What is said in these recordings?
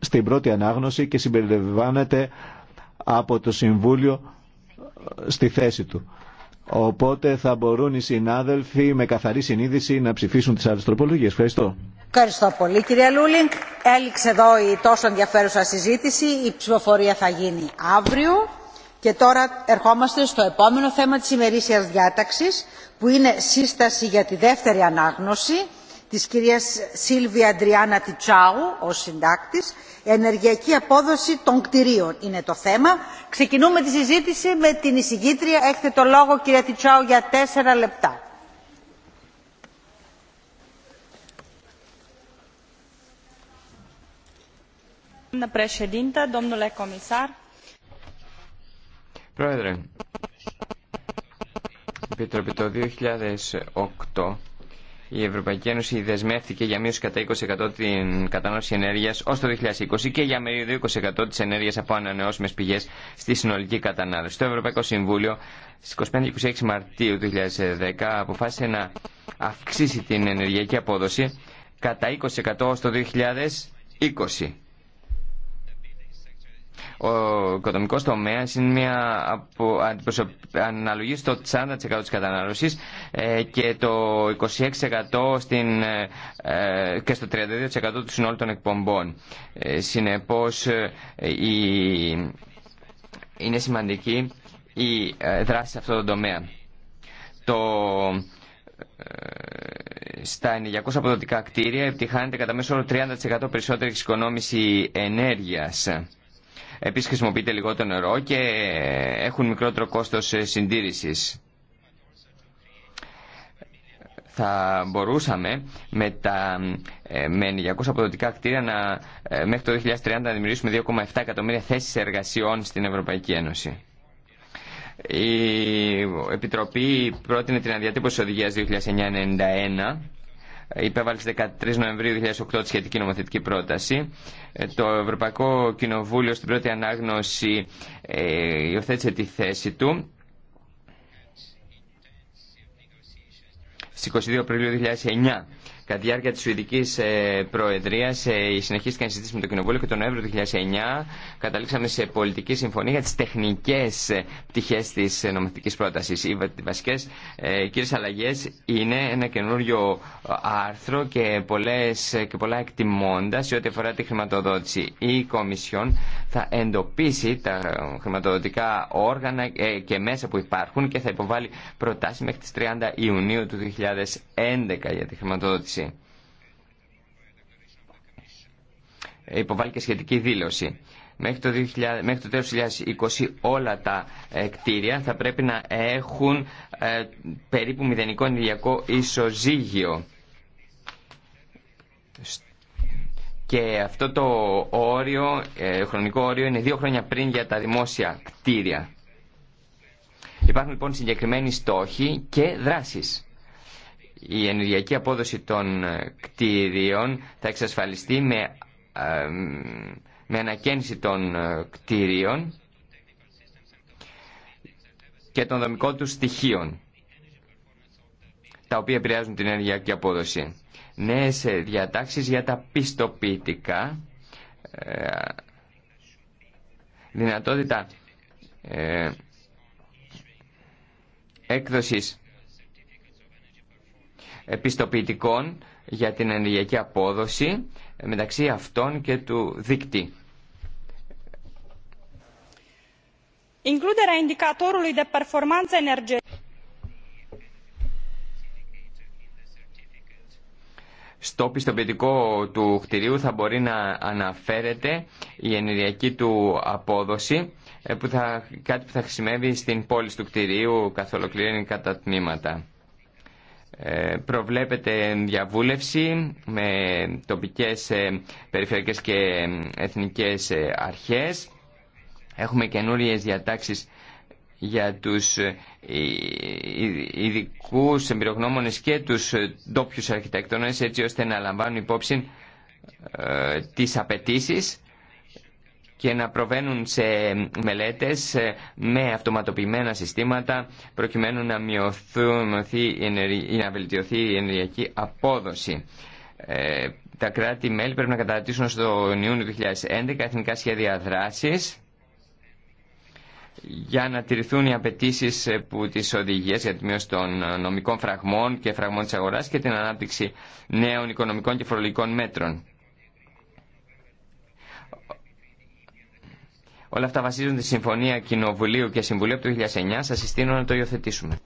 στην πρώτη ανάγνωση και συμπεριλαμβάνεται από το Συμβούλιο ε, στη θέση του. Οπότε θα μπορούν οι συνάδελφοι με καθαρή συνείδηση να ψηφίσουν τις άλλες τροπολογίες. Ευχαριστώ. Ευχαριστώ πολύ κυρία Λούλινγκ. Έληξε εδώ η τόσο ενδιαφέρουσα συζήτηση. Η ψηφοφορία θα γίνει αύριο. Και τώρα ερχόμαστε στο επόμενο θέμα της ημερήσιας διάταξης που είναι σύσταση για τη δεύτερη ανάγνωση της κυρίας Σίλβια Αντριάνα Τιτσάου ως συντάκτης. Ενεργειακή απόδοση των κτηρίων είναι το θέμα. Ξεκινούμε τη συζήτηση με την εισηγήτρια. Έχετε το λόγο κυρία Τιτσάου για τέσσερα λεπτά. Πρόεδρε, Επιτροπή το 2008 η Ευρωπαϊκή Ένωση δεσμεύτηκε για μείωση κατά 20% την κατανάλωση ενέργεια ω το 2020 και για μείωση 20% τη ενέργεια από ανανεώσιμε πηγέ στη συνολική κατανάλωση. Το Ευρωπαϊκό Συμβούλιο στι 25-26 Μαρτίου 2010 αποφάσισε να αυξήσει την ενεργειακή απόδοση κατά 20% ω το 2020. Ο οικονομικός τομέα είναι μια από, αναλογή στο 40% της κατανάλωσης ε, και το 26% στην, ε, ε, και στο 32% του συνόλου των εκπομπών. συνεπώς είναι σημαντική η δράση σε αυτό το τομέα. Το, στα ενεργειακώ αποδοτικά κτίρια επιτυχάνεται κατά μέσο όρο 30% περισσότερη εξοικονόμηση ενέργειας. Επίσης χρησιμοποιείται λιγότερο νερό και έχουν μικρότερο κόστος συντήρησης. Θα μπορούσαμε με, τα, ε, με αποδοτικά κτίρια να, ε, μέχρι το 2030 να δημιουργήσουμε 2,7 εκατομμύρια θέσεις εργασιών στην Ευρωπαϊκή Ένωση. Η Επιτροπή πρότεινε την αδιατύπωση οδηγίας υπέβαλε στις 13 Νοεμβρίου 2008 τη σχετική νομοθετική πρόταση. Ε, το Ευρωπαϊκό Κοινοβούλιο στην πρώτη ανάγνωση ε, υιοθέτησε τη θέση του. Στις 22 Απριλίου 2009 Κατά τη διάρκεια τη Σουηδική ε, Προεδρία, ε, συνεχίστηκαν οι με το Κοινοβούλιο και τον Νοέμβριο του 2009 καταλήξαμε σε πολιτική συμφωνία για τι τεχνικέ ε, πτυχέ τη νομοθετική πρόταση. Οι βασικέ κύριε αλλαγέ είναι ένα καινούριο άρθρο και, πολλές, και πολλά εκτιμώντα σε ό,τι αφορά τη χρηματοδότηση. Η Κομισιόν θα εντοπίσει τα χρηματοδοτικά όργανα ε, και μέσα που υπάρχουν και θα υποβάλει προτάσεις μέχρι τις 30 Ιουνίου του 2011 για τη χρηματοδότηση. Υποβάλει και σχετική δήλωση. Μέχρι το, 2000, μέχρι το 2020 όλα τα ε, κτίρια θα πρέπει να έχουν ε, περίπου μηδενικό ενεργειακό ισοζύγιο και αυτό το όριο, ε, χρονικό όριο είναι δύο χρόνια πριν για τα δημόσια κτίρια. Υπάρχουν λοιπόν συγκεκριμένοι στόχοι και δράσεις. Η ενεργειακή απόδοση των ε, κτίριων θα εξασφαλιστεί με, ε, με ανακαίνιση των κτίριων και των δομικών του στοιχείων, τα οποία επηρεάζουν την ενεργειακή απόδοση νέες ε, διατάξεις για τα πιστοποιητικά, ε, δυνατότητα ε, έκδοσης επιστοποιητικών για την ενεργειακή απόδοση μεταξύ αυτών και του δίκτυ. Includerea indicatorului de performanță στο πιστοποιητικό του κτηρίου θα μπορεί να αναφέρεται η ενεργειακή του απόδοση ε, που θα, κάτι που θα χρησιμεύει στην πόλη του κτηρίου καθ' ολοκληρώνει κατά τμήματα. Ε, προβλέπεται διαβούλευση με τοπικές, ε, περιφερειακές και εθνικές αρχές. Έχουμε καινούριες διατάξεις για τους ε, ε, ειδικού εμπειρογνώμονες και τους ε, ντόπιου αρχιτέκτονες έτσι ώστε να λαμβάνουν υπόψη τις απαιτήσει και να προβαίνουν σε μελέτες με αυτοματοποιημένα συστήματα προκειμένου να, μειωθεί, να βελτιωθεί η ενεργειακή απόδοση. τα κράτη-μέλη πρέπει να καταρτήσουν στο Ιούνιο 2011 εθνικά σχέδια δράσης για να τηρηθούν οι απαιτήσει ε, που τις οδηγίες για τη μείωση των ε, νομικών φραγμών και φραγμών της αγοράς και την ανάπτυξη νέων οικονομικών και φορολογικών μέτρων. Όλα αυτά βασίζονται στη Συμφωνία Κοινοβουλίου και Συμβουλίου από το 2009. Σας συστήνω να το υιοθετήσουμε.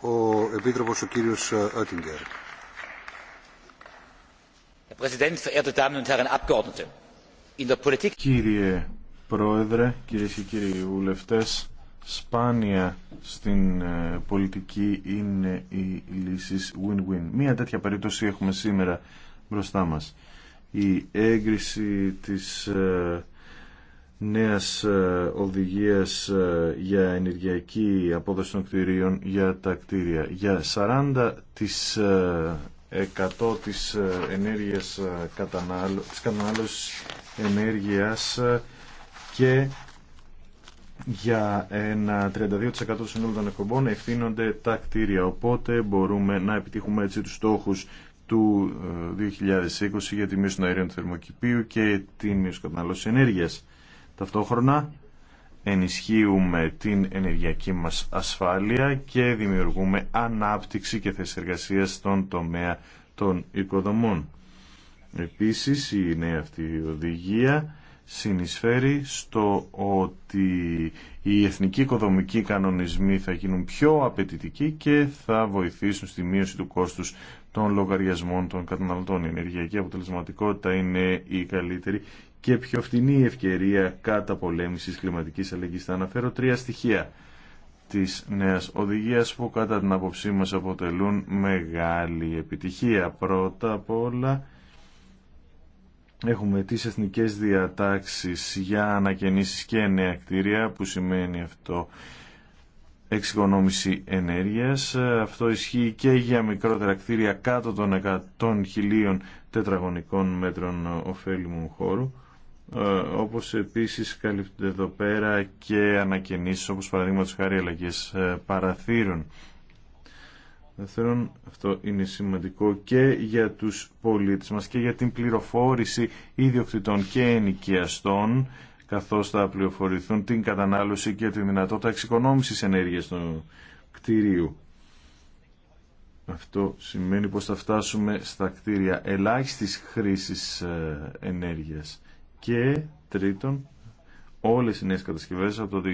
Ο Επίτροπος ο κύριος ε, Oettinger. Herr Präsident, Κύριε Πρόεδρε, κυρίε και κύριοι βουλευτέ, σπάνια στην ε, πολιτική είναι οι λύσει win-win. Μία τέτοια περίπτωση έχουμε σήμερα μπροστά μας. Η έγκριση της ε, νέας ε, οδηγίας για ενεργειακή απόδοση των κτηρίων για τα κτίρια. Για 40% της, εκατό της ενέργειας κατανάλωσης ενέργειας ε, και για ένα 32% του συνόλου των εκπομπών ευθύνονται τα κτίρια. Οπότε μπορούμε να επιτύχουμε έτσι τους στόχους του 2020 ε, για τη μείωση των αερίων του θερμοκηπίου και τη μείωση κατανάλωση ενέργειας. Ταυτόχρονα ενισχύουμε την ενεργειακή μας ασφάλεια και δημιουργούμε ανάπτυξη και θέση εργασία στον τομέα των οικοδομών. Επίσης η νέα αυτή οδηγία συνεισφέρει στο ότι οι εθνικοί οικοδομικοί κανονισμοί θα γίνουν πιο απαιτητικοί και θα βοηθήσουν στη μείωση του κόστους των λογαριασμών των καταναλωτών. Η ενεργειακή αποτελεσματικότητα είναι η καλύτερη και πιο φτηνή ευκαιρία κατά πολέμησης κλιματικής αλλαγής. Θα αναφέρω τρία στοιχεία της νέας οδηγίας που κατά την άποψή μας αποτελούν μεγάλη επιτυχία. Πρώτα απ' όλα Έχουμε τις εθνικές διατάξεις για ανακαινήσεις και νέα κτίρια, που σημαίνει αυτό εξοικονόμηση ενέργειας. Αυτό ισχύει και για μικρότερα κτίρια κάτω των 100.000 τετραγωνικών μέτρων ωφέλιμου χώρου. Ε, όπως επίσης καλύπτουν εδώ πέρα και ανακαινήσεις, όπως παραδείγματος χάρη αλλαγές ε, παραθύρων. Δεύτερον, αυτό είναι σημαντικό και για τους πολίτες μας και για την πληροφόρηση ιδιοκτητών και ενοικιαστών καθώς θα πληροφορηθούν την κατανάλωση και τη δυνατότητα εξοικονόμησης ενέργειας του κτηρίου. Αυτό σημαίνει πως θα φτάσουμε στα κτίρια ελάχιστης χρήσης ε, ενέργειας. Και τρίτον, όλες οι νέες κατασκευές από το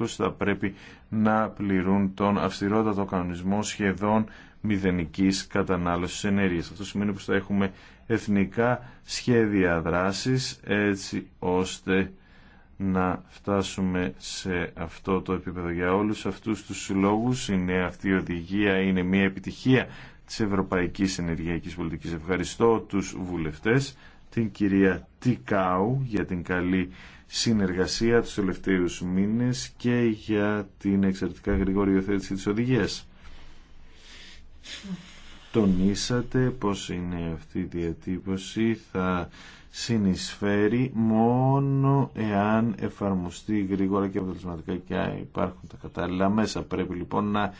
2020 θα πρέπει να πληρούν τον αυστηρότατο κανονισμό σχεδόν μηδενικής κατανάλωσης ενέργειας. Αυτό σημαίνει πως θα έχουμε εθνικά σχέδια δράσης έτσι ώστε να φτάσουμε σε αυτό το επίπεδο. Για όλους αυτούς τους λόγους είναι αυτή η οδηγία, είναι μια επιτυχία της Ευρωπαϊκής Ενεργειακής Πολιτικής. Ευχαριστώ τους βουλευτές την κυρία Τικάου για την καλή συνεργασία τους τελευταίους μήνες και για την εξαιρετικά γρήγορη υιοθέτηση της οδηγίας. Τονίσατε πως είναι αυτή η διατύπωση θα συνεισφέρει μόνο εάν εφαρμοστεί γρήγορα και αποτελεσματικά και υπάρχουν τα κατάλληλα μέσα. Πρέπει λοιπόν να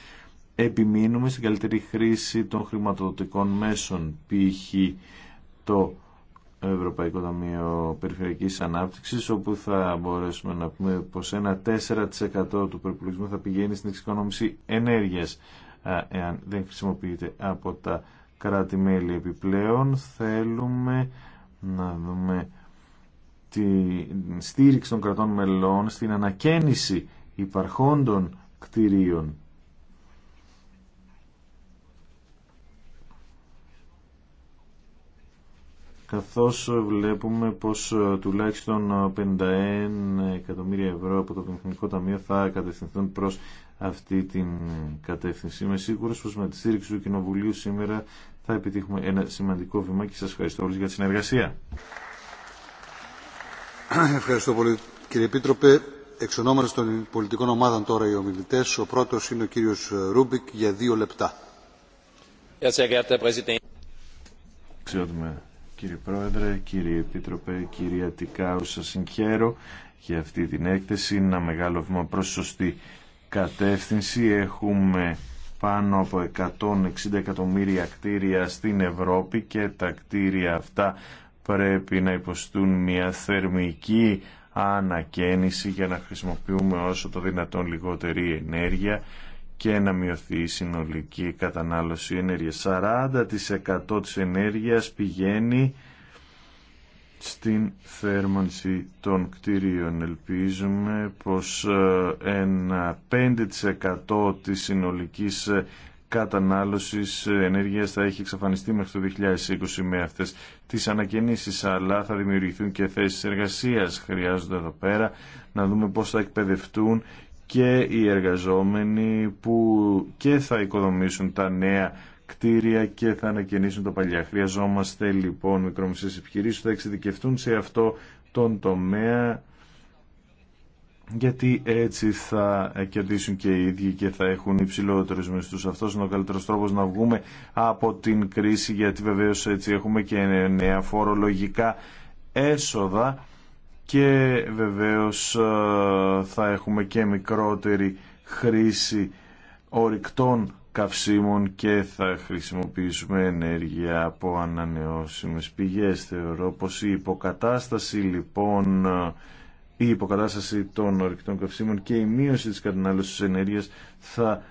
επιμείνουμε στην καλύτερη χρήση των χρηματοδοτικών μέσων π.χ. το Ευρωπαϊκό Ταμείο Περιφερειακής Ανάπτυξης όπου θα μπορέσουμε να πούμε πως ένα 4% του προπολογισμού θα πηγαίνει στην εξοικονόμηση ενέργειας εάν δεν χρησιμοποιείται από τα κράτη-μέλη επιπλέον θέλουμε να δούμε τη στήριξη των κρατών μελών στην ανακαίνιση υπαρχόντων κτηρίων καθώς βλέπουμε πως ε, τουλάχιστον 51 ε, εκατομμύρια ευρώ από το Πενθυνικό Ταμείο θα κατευθυνθούν προς αυτή την κατεύθυνση. Είμαι σίγουρος πως με τη στήριξη του Κοινοβουλίου σήμερα θα επιτύχουμε ένα σημαντικό βήμα και σας ευχαριστώ όλους για τη συνεργασία. Ευχαριστώ πολύ κύριε πίτροπε. Εξ των πολιτικών ομάδων τώρα οι ομιλητές. Ο πρώτος είναι ο κύριος Ρούμπικ για δύο λεπτά. Κύριε Πρόεδρε, κύριε Επίτροπε, κύριε Τικάου, σας συγχαίρω για αυτή την έκθεση. Είναι ένα μεγάλο βήμα προς σωστή κατεύθυνση. Έχουμε πάνω από 160 εκατομμύρια κτίρια στην Ευρώπη και τα κτίρια αυτά πρέπει να υποστούν μια θερμική ανακαίνιση για να χρησιμοποιούμε όσο το δυνατόν λιγότερη ενέργεια και να μειωθεί η συνολική κατανάλωση ενέργειας. 40% της ενέργειας πηγαίνει στην θέρμανση των κτήριων. Ελπίζουμε πως ε, ένα 5% της συνολικής ε, κατανάλωσης ε, ενέργειας θα έχει εξαφανιστεί μέχρι το 2020 με αυτές τις ανακαινήσεις, αλλά θα δημιουργηθούν και θέσεις εργασίας. Χρειάζονται εδώ πέρα να δούμε πώς θα εκπαιδευτούν και οι εργαζόμενοι που και θα οικοδομήσουν τα νέα κτίρια και θα ανακαινήσουν τα παλιά. Χρειαζόμαστε λοιπόν μικρομεσαίες επιχειρήσεις που θα εξειδικευτούν σε αυτό τον τομέα γιατί έτσι θα κερδίσουν και οι ίδιοι και θα έχουν υψηλότερου μισθού. Αυτό είναι ο καλύτερο τρόπο να βγούμε από την κρίση, γιατί βεβαίω έτσι έχουμε και νέα φορολογικά έσοδα και βεβαίως ε, θα έχουμε και μικρότερη χρήση ορυκτών καυσίμων και θα χρησιμοποιήσουμε ενέργεια από ανανεώσιμες πηγές. Θεωρώ πως η υποκατάσταση λοιπόν ε, η υποκατάσταση των ορυκτών καυσίμων και η μείωση της κατανάλωσης ενέργειας θα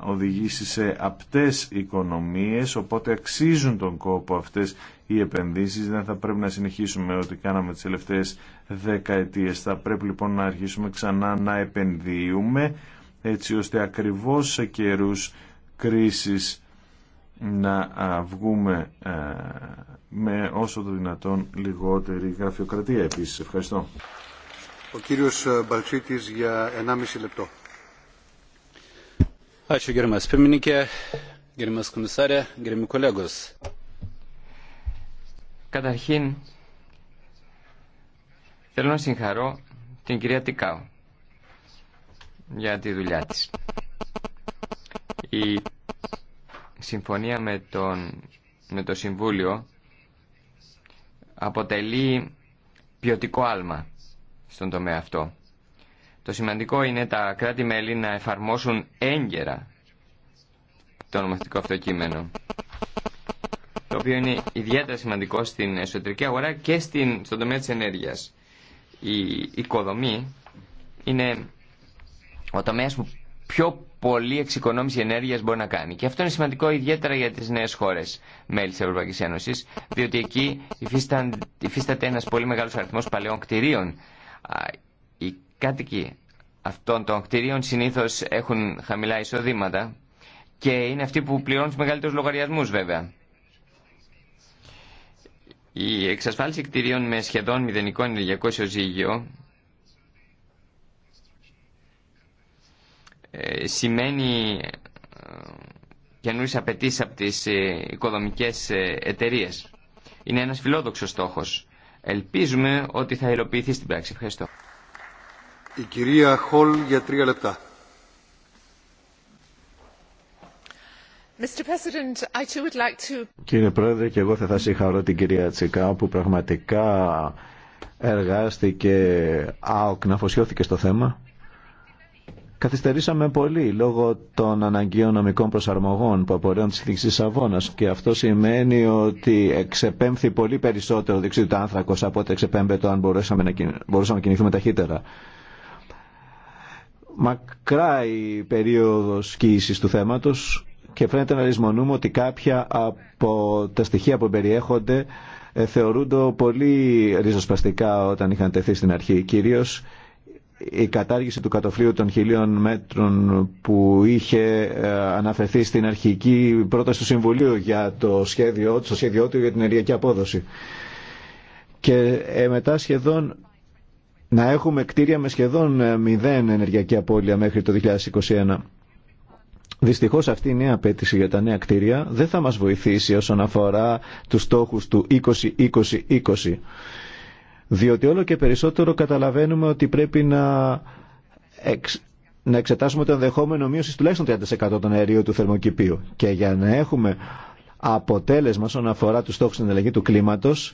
οδηγήσει σε απτές οικονομίες οπότε αξίζουν τον κόπο αυτές οι επενδύσεις δεν θα πρέπει να συνεχίσουμε ό,τι κάναμε τις τελευταίες δεκαετίες θα πρέπει λοιπόν να αρχίσουμε ξανά να επενδύουμε έτσι ώστε ακριβώς σε καιρούς κρίσης να βγούμε με όσο το δυνατόν λιγότερη γραφειοκρατία επίσης. Ευχαριστώ. Ο κύριος Μπαλτσίτης για 1,5 λεπτό. Καταρχήν, θέλω να συγχαρώ την κυρία Τικάου για τη δουλειά της. Η συμφωνία με, τον, με το Συμβούλιο αποτελεί ποιοτικό άλμα στον τομέα αυτό. Το σημαντικό είναι τα κράτη-μέλη να εφαρμόσουν έγκαιρα το νομοθετικό αυτό κείμενο. Το οποίο είναι ιδιαίτερα σημαντικό στην εσωτερική αγορά και στην, στον τομέα της ενέργειας. Η οικοδομή είναι ο τομέας που πιο πολύ εξοικονόμηση ενέργειας μπορεί να κάνει. Και αυτό είναι σημαντικό ιδιαίτερα για τις νέες χώρες μέλη της Ευρωπαϊκής Ένωσης, διότι εκεί υφίσταται ένας πολύ μεγάλος αριθμός παλαιών κτηρίων κάτοικοι αυτών των κτηρίων συνήθω έχουν χαμηλά εισοδήματα και είναι αυτοί που πληρώνουν του μεγαλύτερου λογαριασμού βέβαια. Η εξασφάλιση κτηρίων με σχεδόν μηδενικό ενεργειακό ισοζύγιο ε, σημαίνει ε, καινούριε απαιτήσει από τι ε, οικοδομικέ εταιρείε. Είναι ένα φιλόδοξο στόχο. Ελπίζουμε ότι θα υλοποιηθεί στην πράξη. Ευχαριστώ. Η κυρία Χολ για τρία λεπτά. Κύριε Πρόεδρε, και εγώ θα θα συγχαρώ την κυρία Τσικά που πραγματικά εργάστηκε άοκ να αφοσιώθηκε στο θέμα. Καθυστερήσαμε πολύ λόγω των αναγκαίων νομικών προσαρμογών που απορρέουν τη τη Αβώνα και αυτό σημαίνει ότι εξεπέμφθη πολύ περισσότερο δεξιού του άνθρακο από ό,τι εξεπέμπεται αν μπορούσαμε να κινηθούμε ταχύτερα μακρά η περίοδος κοίησης του θέματος και φαίνεται να λησμονούμε ότι κάποια από τα στοιχεία που περιέχονται ε, θεωρούνται πολύ ριζοσπαστικά όταν είχαν τεθεί στην αρχή. Κυρίως η κατάργηση του κατοφλίου των χιλίων μέτρων που είχε ε, αναφερθεί στην αρχική πρόταση του Συμβουλίου για το σχέδιο, το σχέδιο του για την ενεργειακή απόδοση. Και ε, μετά σχεδόν να έχουμε κτίρια με σχεδόν ε, μηδέν ενεργειακή απώλεια μέχρι το 2021. Δυστυχώς αυτή η νέα απέτηση για τα νέα κτίρια δεν θα μας βοηθήσει όσον αφορά τους στόχους του 2020. 2020 διοτι όλο και περισσότερο καταλαβαίνουμε ότι πρέπει να, να εξετάσουμε το ενδεχόμενο μείωση τουλάχιστον 30% των αερίων του θερμοκηπίου. Και για να έχουμε αποτέλεσμα όσον αφορά τους στόχους στην αλλαγή του κλίματος,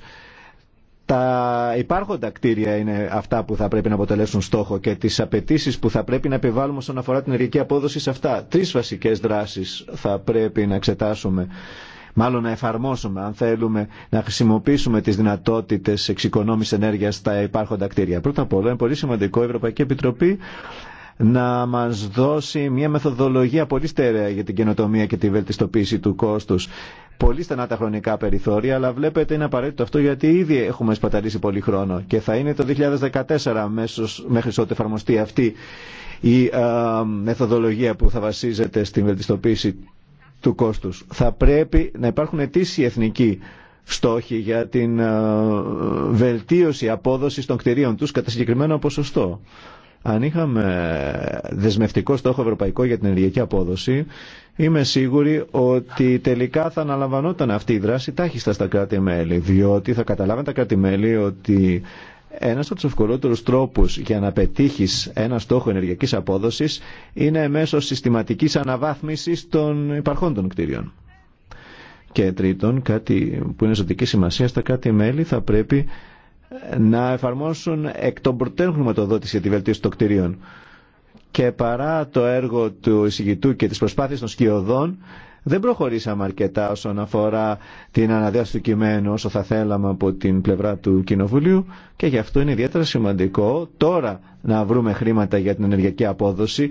τα υπάρχοντα κτίρια είναι αυτά που θα πρέπει να αποτελέσουν στόχο και τις απαιτήσει που θα πρέπει να επιβάλλουμε όσον αφορά την ενεργειακή απόδοση σε αυτά. Τρεις βασικές δράσεις θα πρέπει να εξετάσουμε, μάλλον να εφαρμόσουμε αν θέλουμε να χρησιμοποιήσουμε τις δυνατότητες εξοικονόμησης ενέργειας στα υπάρχοντα κτίρια. Πρώτα απ' όλα είναι πολύ σημαντικό η Ευρωπαϊκή Επιτροπή να μας δώσει μια μεθοδολογία πολύ στερεά για την καινοτομία και τη βελτιστοποίηση του κόστους. Πολύ στενά τα χρονικά περιθώρια, αλλά βλέπετε είναι απαραίτητο αυτό γιατί ήδη έχουμε σπαταλήσει πολύ χρόνο και θα είναι το 2014 μέσως, μέχρι ότου εφαρμοστεί αυτή η μεθοδολογία που θα βασίζεται στην βελτιστοποίηση του κόστους. Θα πρέπει να υπάρχουν αιτήσει εθνικοί στόχοι για την βελτίωση απόδοση των κτηρίων τους κατά συγκεκριμένο ποσοστό. Αν είχαμε δεσμευτικό στόχο ευρωπαϊκό για την ενεργειακή απόδοση, είμαι σίγουρη ότι τελικά θα αναλαμβανόταν αυτή η δράση τάχιστα στα κράτη-μέλη, διότι θα καταλάβαινε τα κράτη-μέλη ότι ένας από του ευκολότερου τρόπου για να πετύχεις ένα στόχο ενεργειακής απόδοσης είναι μέσω συστηματικής αναβάθμισης των υπαρχόντων κτίριων. Και τρίτον, κάτι που είναι ζωτική σημασία στα κράτη-μέλη θα πρέπει να εφαρμόσουν εκ των προτέρων χρηματοδότηση για τη βελτίωση των κτηρίων. Και παρά το έργο του εισηγητού και τις προσπάθειες των σκιωδών, δεν προχωρήσαμε αρκετά όσον αφορά την αναδιάσταση του κειμένου όσο θα θέλαμε από την πλευρά του Κοινοβουλίου και γι' αυτό είναι ιδιαίτερα σημαντικό τώρα να βρούμε χρήματα για την ενεργειακή απόδοση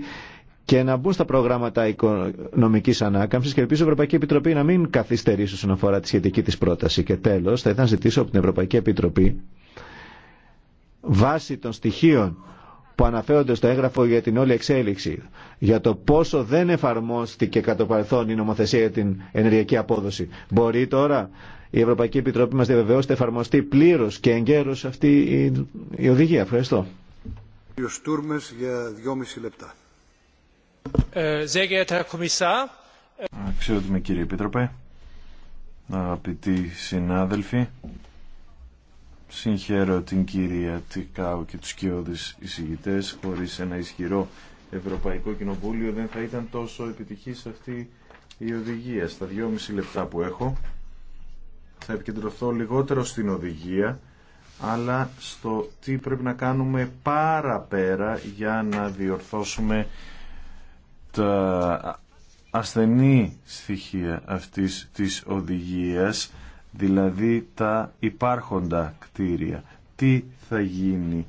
και να μπουν στα προγράμματα οικονομική ανάκαμψη και ελπίζω η Ευρωπαϊκή Επιτροπή να μην καθυστερήσει όσον αφορά τη σχετική τη πρόταση. Και τέλο, θα ήθελα να ζητήσω από την Ευρωπαϊκή Επιτροπή βάσει των στοιχείων που αναφέρονται στο έγγραφο για την όλη εξέλιξη, για το πόσο δεν εφαρμόστηκε κατά το παρελθόν η νομοθεσία για την ενεργειακή απόδοση. Μπορεί τώρα η Ευρωπαϊκή Επιτροπή μας διαβεβαιώσει εφαρμοστεί πλήρως και εγκαίρω αυτή η, οδηγία. Ευχαριστώ. για λεπτά. Ε, κύριε Επίτροπε, αγαπητοί συνάδελφοι, Συγχαίρω την κυρία Τικάου και τους κοιόδης εισηγητές. Χωρίς ένα ισχυρό Ευρωπαϊκό Κοινοβούλιο δεν θα ήταν τόσο επιτυχής αυτή η οδηγία. Στα δυόμιση λεπτά που έχω θα επικεντρωθώ λιγότερο στην οδηγία αλλά στο τι πρέπει να κάνουμε πέρα για να διορθώσουμε τα ασθενή στοιχεία αυτής της οδηγίας δηλαδή τα υπάρχοντα κτίρια. Τι θα γίνει.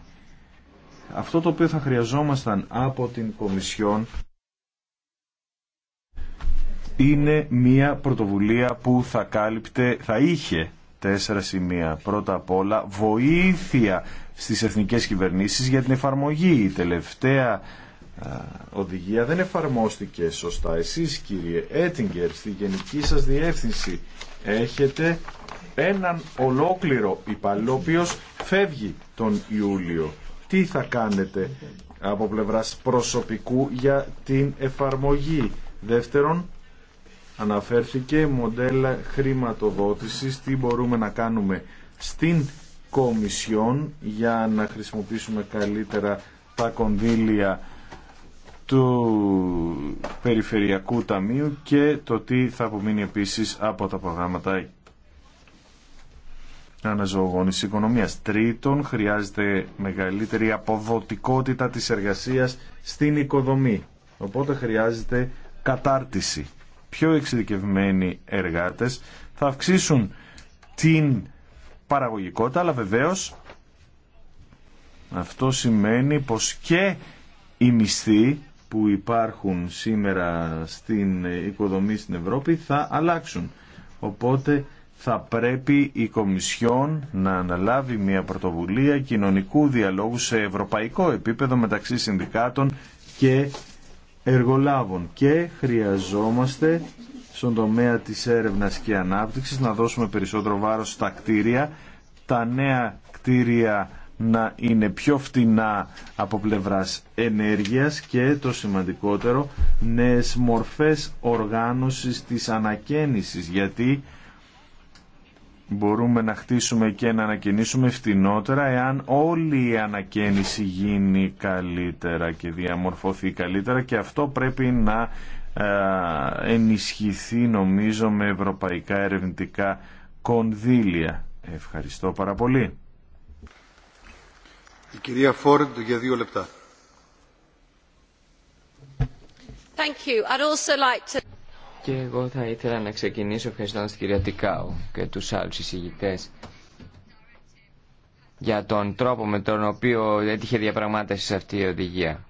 Αυτό το οποίο θα χρειαζόμασταν από την Κομισιόν είναι μια πρωτοβουλία που θα κάλυπτε, θα είχε τέσσερα σημεία. Πρώτα απ' όλα βοήθεια στις εθνικές κυβερνήσεις για την εφαρμογή. τελευταία οδηγία δεν εφαρμόστηκε σωστά. Εσείς κύριε Έτιγκερ στη γενική σας διεύθυνση έχετε έναν ολόκληρο υπαλλήλο ο φεύγει τον Ιούλιο. Τι θα κάνετε από πλευράς προσωπικού για την εφαρμογή. Δεύτερον, αναφέρθηκε μοντέλα χρηματοδότησης, τι μπορούμε να κάνουμε στην Κομισιόν για να χρησιμοποιήσουμε καλύτερα τα κονδύλια του Περιφερειακού Ταμείου και το τι θα απομείνει επίσης από τα προγράμματα αναζωογόνηση οικονομίας. Τρίτον, χρειάζεται μεγαλύτερη αποδοτικότητα της εργασίας στην οικοδομή. Οπότε χρειάζεται κατάρτιση. Πιο εξειδικευμένοι εργάτες θα αυξήσουν την παραγωγικότητα, αλλά βεβαίως αυτό σημαίνει πως και οι μισθοί που υπάρχουν σήμερα στην οικοδομή στην Ευρώπη θα αλλάξουν. Οπότε θα πρέπει η Κομισιόν να αναλάβει μια πρωτοβουλία κοινωνικού διαλόγου σε ευρωπαϊκό επίπεδο μεταξύ συνδικάτων και εργολάβων και χρειαζόμαστε στον τομέα της έρευνας και ανάπτυξης να δώσουμε περισσότερο βάρος στα κτίρια, τα νέα κτίρια να είναι πιο φτηνά από πλευράς ενέργειας και το σημαντικότερο νέες μορφές οργάνωσης της ανακαίνησης γιατί μπορούμε να χτίσουμε και να ανακαινήσουμε φτηνότερα εάν όλη η ανακαίνιση γίνει καλύτερα και διαμορφωθεί καλύτερα και αυτό πρέπει να ε, ενισχυθεί νομίζω με ευρωπαϊκά ερευνητικά κονδύλια. Ευχαριστώ πάρα πολύ κυρία Φόρντ για δύο λεπτά. Και εγώ θα ήθελα να ξεκινήσω ευχαριστώντας την κυρία Τικάου και τους άλλους εισηγητές για τον τρόπο με τον οποίο έτυχε διαπραγμάτευση σε αυτή η οδηγία.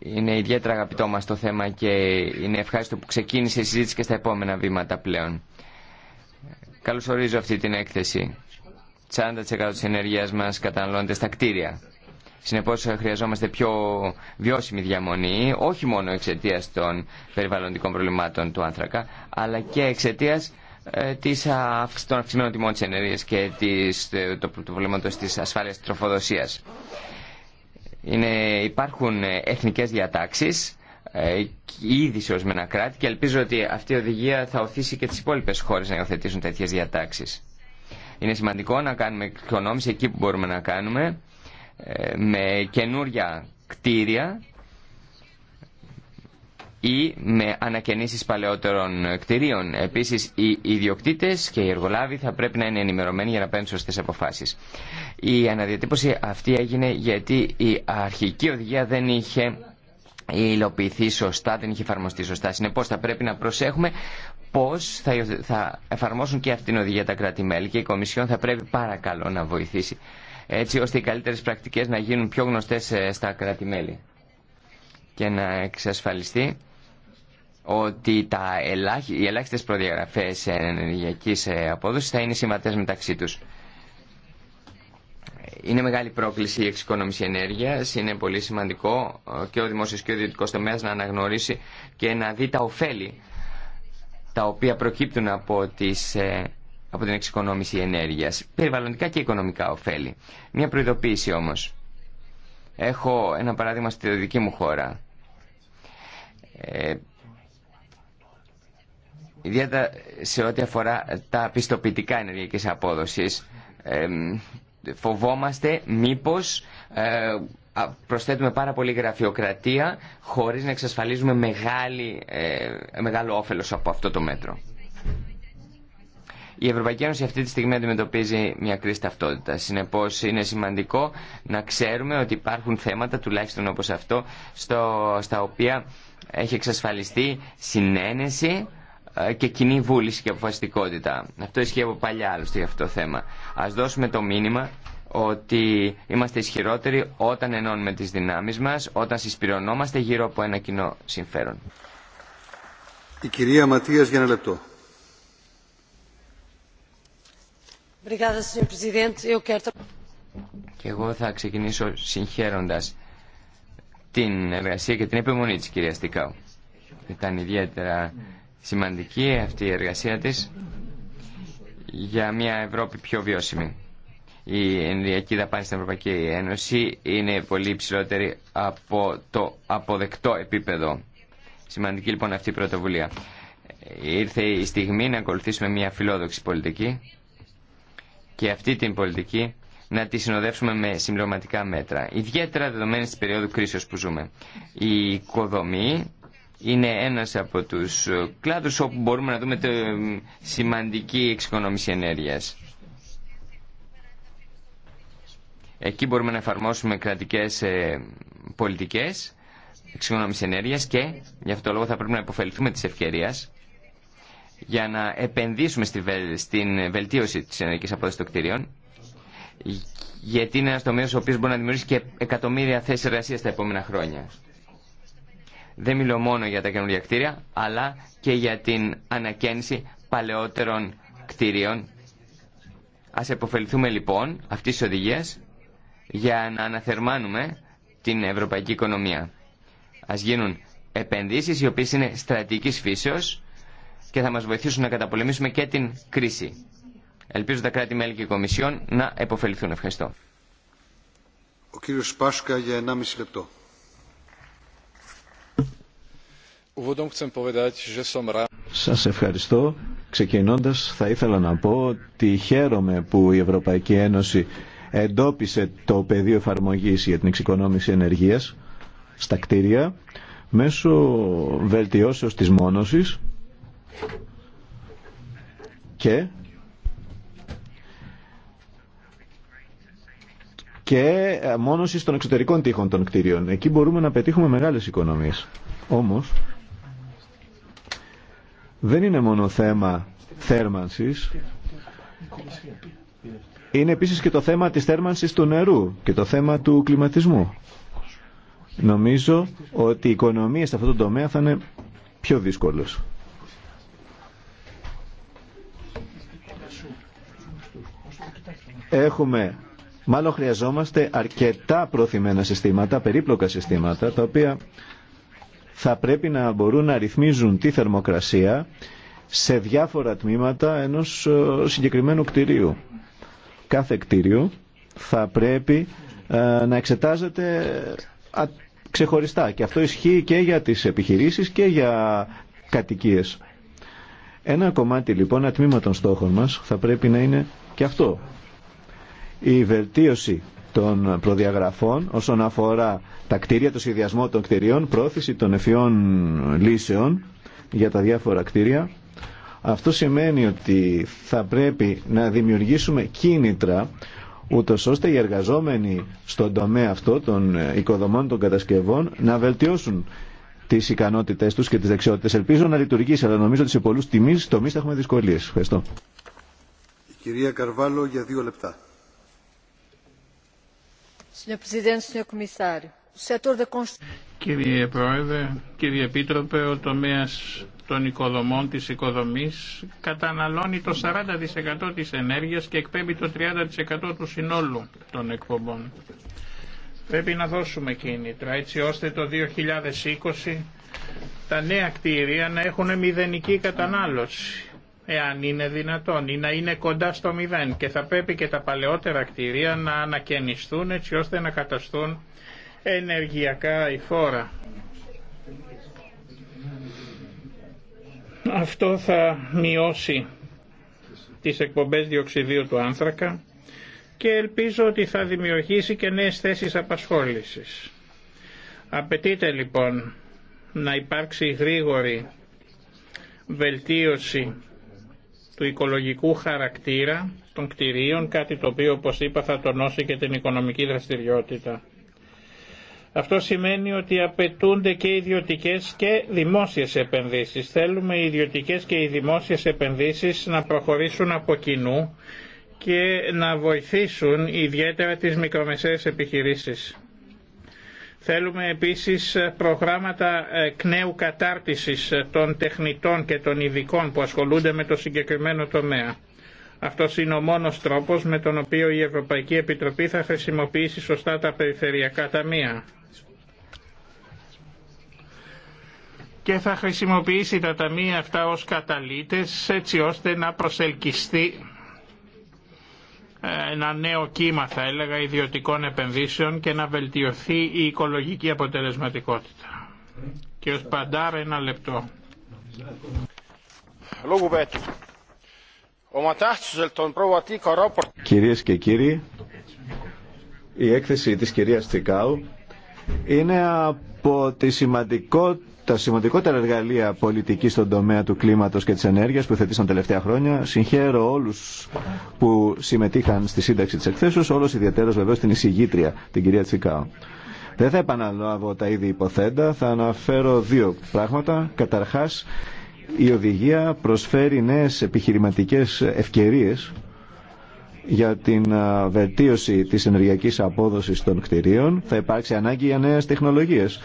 Είναι ιδιαίτερα αγαπητό μας το θέμα και είναι ευχάριστο που ξεκίνησε η συζήτηση και στα επόμενα βήματα πλέον. ορίζω αυτή την έκθεση. 40% της ενέργειας μας καταναλώνεται στα κτίρια. Συνεπώς χρειαζόμαστε πιο βιώσιμη διαμονή, όχι μόνο εξαιτία των περιβαλλοντικών προβλημάτων του άνθρακα, αλλά και εξαιτία ε, των αυξημένων τιμών της ενέργειας και της, ε, το, του προβλήματο της ασφάλειας της τροφοδοσίας. Είναι, υπάρχουν εθνικές διατάξεις, ε, ήδη σε ορισμένα κράτη και ελπίζω ότι αυτή η οδηγία θα οθήσει και τις υπόλοιπες χώρες να υιοθετήσουν τέτοιες διατάξεις. Είναι σημαντικό να κάνουμε οικονόμηση εκεί που μπορούμε να κάνουμε ε, με καινούρια κτίρια ή με ανακαινήσεις παλαιότερων κτηρίων. Επίσης, οι ιδιοκτήτες και οι εργολάβοι θα πρέπει να είναι ενημερωμένοι για να παίρνουν σωστές αποφάσεις. Η αναδιατύπωση αυτή έγινε γιατί η αρχική οδηγία δεν είχε η υλοποιηθεί σωστά, δεν έχει εφαρμοστεί σωστά. Συνεπώ θα πρέπει να προσέχουμε πώ θα, εφαρμόσουν και αυτήν την οδηγία τα κράτη-μέλη και η Κομισιόν θα πρέπει παρακαλώ να βοηθήσει έτσι ώστε οι καλύτερες πρακτικές να γίνουν πιο γνωστές ε, στα κράτη-μέλη και να εξασφαλιστεί ότι τα οι ελάχιστες προδιαγραφές ενεργειακής ε, απόδοσης θα είναι συμβατέ μεταξύ τους. Είναι μεγάλη πρόκληση η εξοικονόμηση ενέργεια. Είναι πολύ σημαντικό ε, και ο δημόσιο και ο ιδιωτικό τομέα να αναγνωρίσει και να δει τα ωφέλη τα οποία προκύπτουν από, τις, ε, από την εξοικονόμηση ενέργειας. Περιβαλλοντικά και οικονομικά ωφέλη. Μια προειδοποίηση όμως. Έχω ένα παράδειγμα στη δική μου χώρα. Ε, ιδιαίτερα σε ό,τι αφορά τα πιστοποιητικά ενεργειακής απόδοσης, ε, φοβόμαστε μήπως ε, προσθέτουμε πάρα πολύ γραφειοκρατία χωρίς να εξασφαλίζουμε μεγάλη, ε, μεγάλο όφελος από αυτό το μέτρο. Η Ευρωπαϊκή Ένωση αυτή τη στιγμή αντιμετωπίζει μια κρίση ταυτότητα. Συνεπώ, είναι σημαντικό να ξέρουμε ότι υπάρχουν θέματα, τουλάχιστον όπω αυτό, στο, στα οποία έχει εξασφαλιστεί συνένεση και κοινή βούληση και αποφασιστικότητα. Αυτό ισχύει από παλιά άλλωστε για αυτό το θέμα. Ας δώσουμε το μήνυμα ότι είμαστε ισχυρότεροι όταν ενώνουμε τις δυνάμεις μας, όταν συσπηρωνόμαστε γύρω από ένα κοινό συμφέρον. Η κυρία Ματίας για ένα λεπτό. Και εγώ θα ξεκινήσω συγχαίροντας την εργασία και την επιμονή της κυρίας Τικάου. Ήταν ιδιαίτερα σημαντική αυτή η εργασία της για μια Ευρώπη πιο βιώσιμη. Η ενδιακή δαπάνη στην Ευρωπαϊκή Ένωση είναι πολύ υψηλότερη από το αποδεκτό επίπεδο. Σημαντική λοιπόν αυτή η πρωτοβουλία. Ήρθε η στιγμή να ακολουθήσουμε μια φιλόδοξη πολιτική και αυτή την πολιτική να τη συνοδεύσουμε με συμπληρωματικά μέτρα. Ιδιαίτερα δεδομένη τη περίοδου κρίσεως που ζούμε. Η οικοδομή είναι ένας από τους ε, κλάδους όπου μπορούμε να δούμε τη ε, σημαντική εξοικονόμηση ενέργειας. Εκεί μπορούμε να εφαρμόσουμε κρατικές ε, πολιτικές εξοικονόμηση ενέργειας και γι' αυτό το λόγο θα πρέπει να υποφεληθούμε της ευκαιρίας για να επενδύσουμε στη στην βελτίωση της ενεργικής απόδοσης των κτηρίων γιατί είναι ένας τομέας ο οποίος μπορεί να δημιουργήσει και εκατομμύρια θέσεις εργασίας τα επόμενα χρόνια. Δεν μιλώ μόνο για τα καινούργια κτίρια, αλλά και για την ανακαίνιση παλαιότερων κτίριων. Ας επωφεληθούμε λοιπόν αυτή τη οδηγία για να αναθερμάνουμε την ευρωπαϊκή οικονομία. Ας γίνουν επενδύσεις οι οποίες είναι στρατηγικής φύσεως και θα μας βοηθήσουν να καταπολεμήσουμε και την κρίση. Ελπίζω τα κράτη-μέλη και η Κομισιόν να επωφεληθούν. Ευχαριστώ. Ο κύριος Πάσκα για 1,5 λεπτό. Σας ευχαριστώ. Ξεκινώντας θα ήθελα να πω ότι χαίρομαι που η Ευρωπαϊκή Ένωση εντόπισε το πεδίο εφαρμογής για την εξοικονόμηση ενεργείας στα κτίρια μέσω βελτιώσεως της μόνωσης και και μόνωση των εξωτερικών τείχων των κτίριων. Εκεί μπορούμε να πετύχουμε μεγάλες οικονομίες. Όμως, δεν είναι μόνο θέμα θέρμανσης, είναι επίσης και το θέμα της θέρμανσης του νερού και το θέμα του κλιματισμού. Νομίζω ότι η οικονομία σε αυτό το τομέα θα είναι πιο δύσκολος. Έχουμε, μάλλον χρειαζόμαστε αρκετά προθυμένα συστήματα, περίπλοκα συστήματα, τα οποία θα πρέπει να μπορούν να ρυθμίζουν τη θερμοκρασία σε διάφορα τμήματα ενός ε, συγκεκριμένου κτηρίου. Κάθε κτίριο θα πρέπει ε, να εξετάζεται ε, ξεχωριστά και αυτό ισχύει και για τις επιχειρήσεις και για κατοικίες. Ένα κομμάτι λοιπόν, ένα τμήμα των στόχων μας θα πρέπει να είναι και αυτό. Η βελτίωση των προδιαγραφών όσον αφορά τα κτίρια, το σχεδιασμό των κτιρίων, πρόθεση των ευφυών λύσεων για τα διάφορα κτίρια. Αυτό σημαίνει ότι θα πρέπει να δημιουργήσουμε κίνητρα ούτω ώστε οι εργαζόμενοι στον τομέα αυτό των οικοδομών των κατασκευών να βελτιώσουν τι ικανότητέ του και τι δεξιότητε. Ελπίζω να λειτουργήσει, αλλά νομίζω ότι σε πολλού τομεί θα έχουμε δυσκολίε. Ευχαριστώ. Η κυρία Καρβάλο για δύο λεπτά. Κύριε Πρόεδρε, κύριε Επίτροπε, ο τομέας των οικοδομών της οικοδομής καταναλώνει το 40% της ενέργειας και εκπέμπει το 30% του συνόλου των εκπομπών. Πρέπει να δώσουμε κίνητρα έτσι ώστε το 2020 τα νέα κτίρια να έχουν μηδενική κατανάλωση εάν είναι δυνατόν, ή να είναι κοντά στο μηδέν και θα πρέπει και τα παλαιότερα κτίρια να ανακαινιστούν έτσι ώστε να καταστούν ενεργειακά η φόρα. Αυτό θα μειώσει τις εκπομπές διοξιδίου του άνθρακα και ελπίζω ότι θα δημιουργήσει και νέες θέσεις απασχόλησης. Απαιτείται λοιπόν να υπάρξει γρήγορη βελτίωση του οικολογικού χαρακτήρα των κτηρίων, κάτι το οποίο όπως είπα θα τονώσει και την οικονομική δραστηριότητα. Αυτό σημαίνει ότι απαιτούνται και ιδιωτικές και δημόσιες επενδύσεις. Θέλουμε οι ιδιωτικές και οι δημόσιες επενδύσεις να προχωρήσουν από κοινού και να βοηθήσουν ιδιαίτερα τις μικρομεσαίες επιχειρήσεις. Θέλουμε επίσης ε, προγράμματα κνέου ε, κατάρτισης ε, των τεχνητών και των ειδικών που ασχολούνται με το συγκεκριμένο τομέα. Αυτό είναι ο μόνος τρόπος με τον οποίο η Ευρωπαϊκή Επιτροπή θα χρησιμοποιήσει σωστά τα περιφερειακά ταμεία. Και θα χρησιμοποιήσει τα ταμεία αυτά ως καταλήτες έτσι ώστε να προσελκυστεί ε, ένα νέο κύμα θα έλεγα ιδιωτικών επενδύσεων και να βελτιωθεί η οικολογική αποτελεσματικότητα. ως Παντάρ, ένα λεπτό. Κυρίες και κύριοι, η έκθεση της κυρίας Τσικάου είναι από τη σημαντικότητα τα σημαντικότερα εργαλεία πολιτική στον τομέα του κλίματο και τη ενέργεια που θετήσαν τελευταία χρόνια. Συγχαίρω όλου που συμμετείχαν στη σύνταξη τη εκθέσεω, όλο ιδιαίτερα βεβαίω την εισηγήτρια, την κυρία Τσικάου. Δεν θα επαναλάβω τα ήδη υποθέντα, θα αναφέρω δύο πράγματα. Καταρχά, η οδηγία προσφέρει νέε επιχειρηματικέ ευκαιρίε για την βελτίωση της ενεργειακής απόδοσης των κτηρίων θα υπάρξει ανάγκη για νέες τεχνολογίες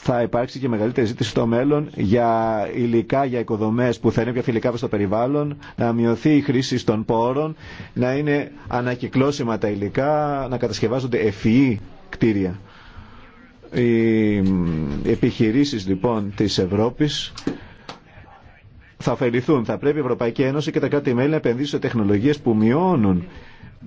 θα υπάρξει και μεγαλύτερη ζήτηση στο μέλλον για υλικά, για οικοδομές που θα είναι πιο φιλικά προ το περιβάλλον, να μειωθεί η χρήση των πόρων, να είναι ανακυκλώσιμα τα υλικά, να κατασκευάζονται ευφυή κτίρια. Οι επιχειρήσεις λοιπόν της Ευρώπης θα ωφεληθούν. Θα πρέπει η Ευρωπαϊκή Ένωση και τα κράτη-μέλη να επενδύσουν σε τεχνολογίες που μειώνουν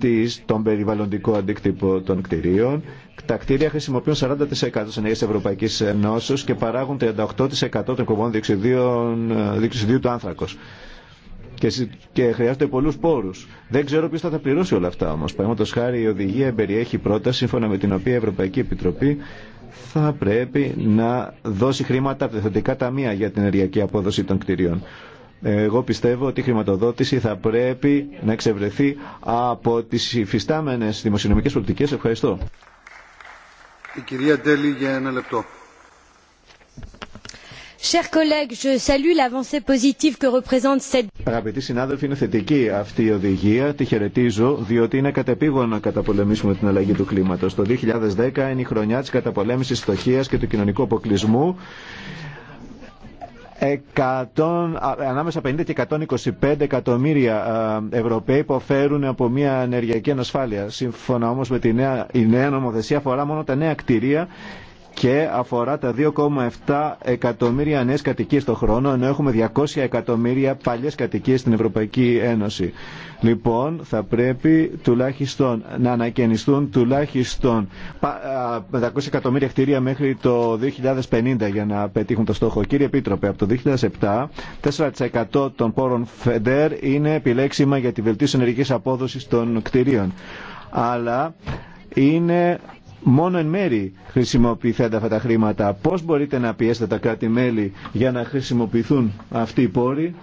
της, τον περιβαλλοντικό αντίκτυπο των κτηρίων. Τα κτίρια χρησιμοποιούν 40% της ενέργειας Ευρωπαϊκής Ενώσεως και παράγουν 38% των κομμών διοξιδίου του άνθρακος. Και, και χρειάζονται πολλούς πόρους. Δεν ξέρω ποιος θα τα πληρώσει όλα αυτά όμως. Παραδείγματος χάρη η οδηγία περιέχει πρόταση σύμφωνα με την οποία η Ευρωπαϊκή Επιτροπή θα πρέπει να δώσει χρήματα από τα θετικά ταμεία για την ενεργειακή απόδοση των κτηρίων. Εγώ πιστεύω ότι η χρηματοδότηση θα πρέπει να εξευρεθεί από τις υφιστάμενες δημοσιονομικές πολιτικές. Ευχαριστώ. Η κυρία Ντέλη για ένα λεπτό. Αγαπητοί συνάδελφοι, είναι θετική αυτή η οδηγία. Τη χαιρετίζω, διότι είναι κατεπίγον να καταπολεμήσουμε την αλλαγή του κλίματος. Το 2010 είναι η χρονιά τη καταπολέμησης φτωχίας και του κοινωνικού αποκλεισμού 100, ανάμεσα 50 και 125 εκατομμύρια Ευρωπαίοι που από μια ενεργειακή ανασφάλεια. Σύμφωνα όμως με τη η νέα νομοθεσία αφορά μόνο τα νέα κτηρία και αφορά τα 2,7 εκατομμύρια νέε κατοικίε το χρόνο, ενώ έχουμε 200 εκατομμύρια παλιές κατοικίε στην Ευρωπαϊκή Ένωση. Λοιπόν, θα πρέπει τουλάχιστον να ανακαινιστούν τουλάχιστον 500 εκατομμύρια κτίρια μέχρι το 2050 για να πετύχουν το στόχο. Κύριε Επίτροπε, από το 2007 4% των πόρων ΦΕΝΤΕΡ είναι επιλέξιμα για τη βελτίωση ενεργικής απόδοση των κτιρίων. Αλλά είναι μόνο εν μέρη χρησιμοποιηθέντα αυτά τα χρήματα. Πώς μπορείτε να πιέσετε τα κράτη-μέλη για να χρησιμοποιηθούν αυτοί οι πόροι,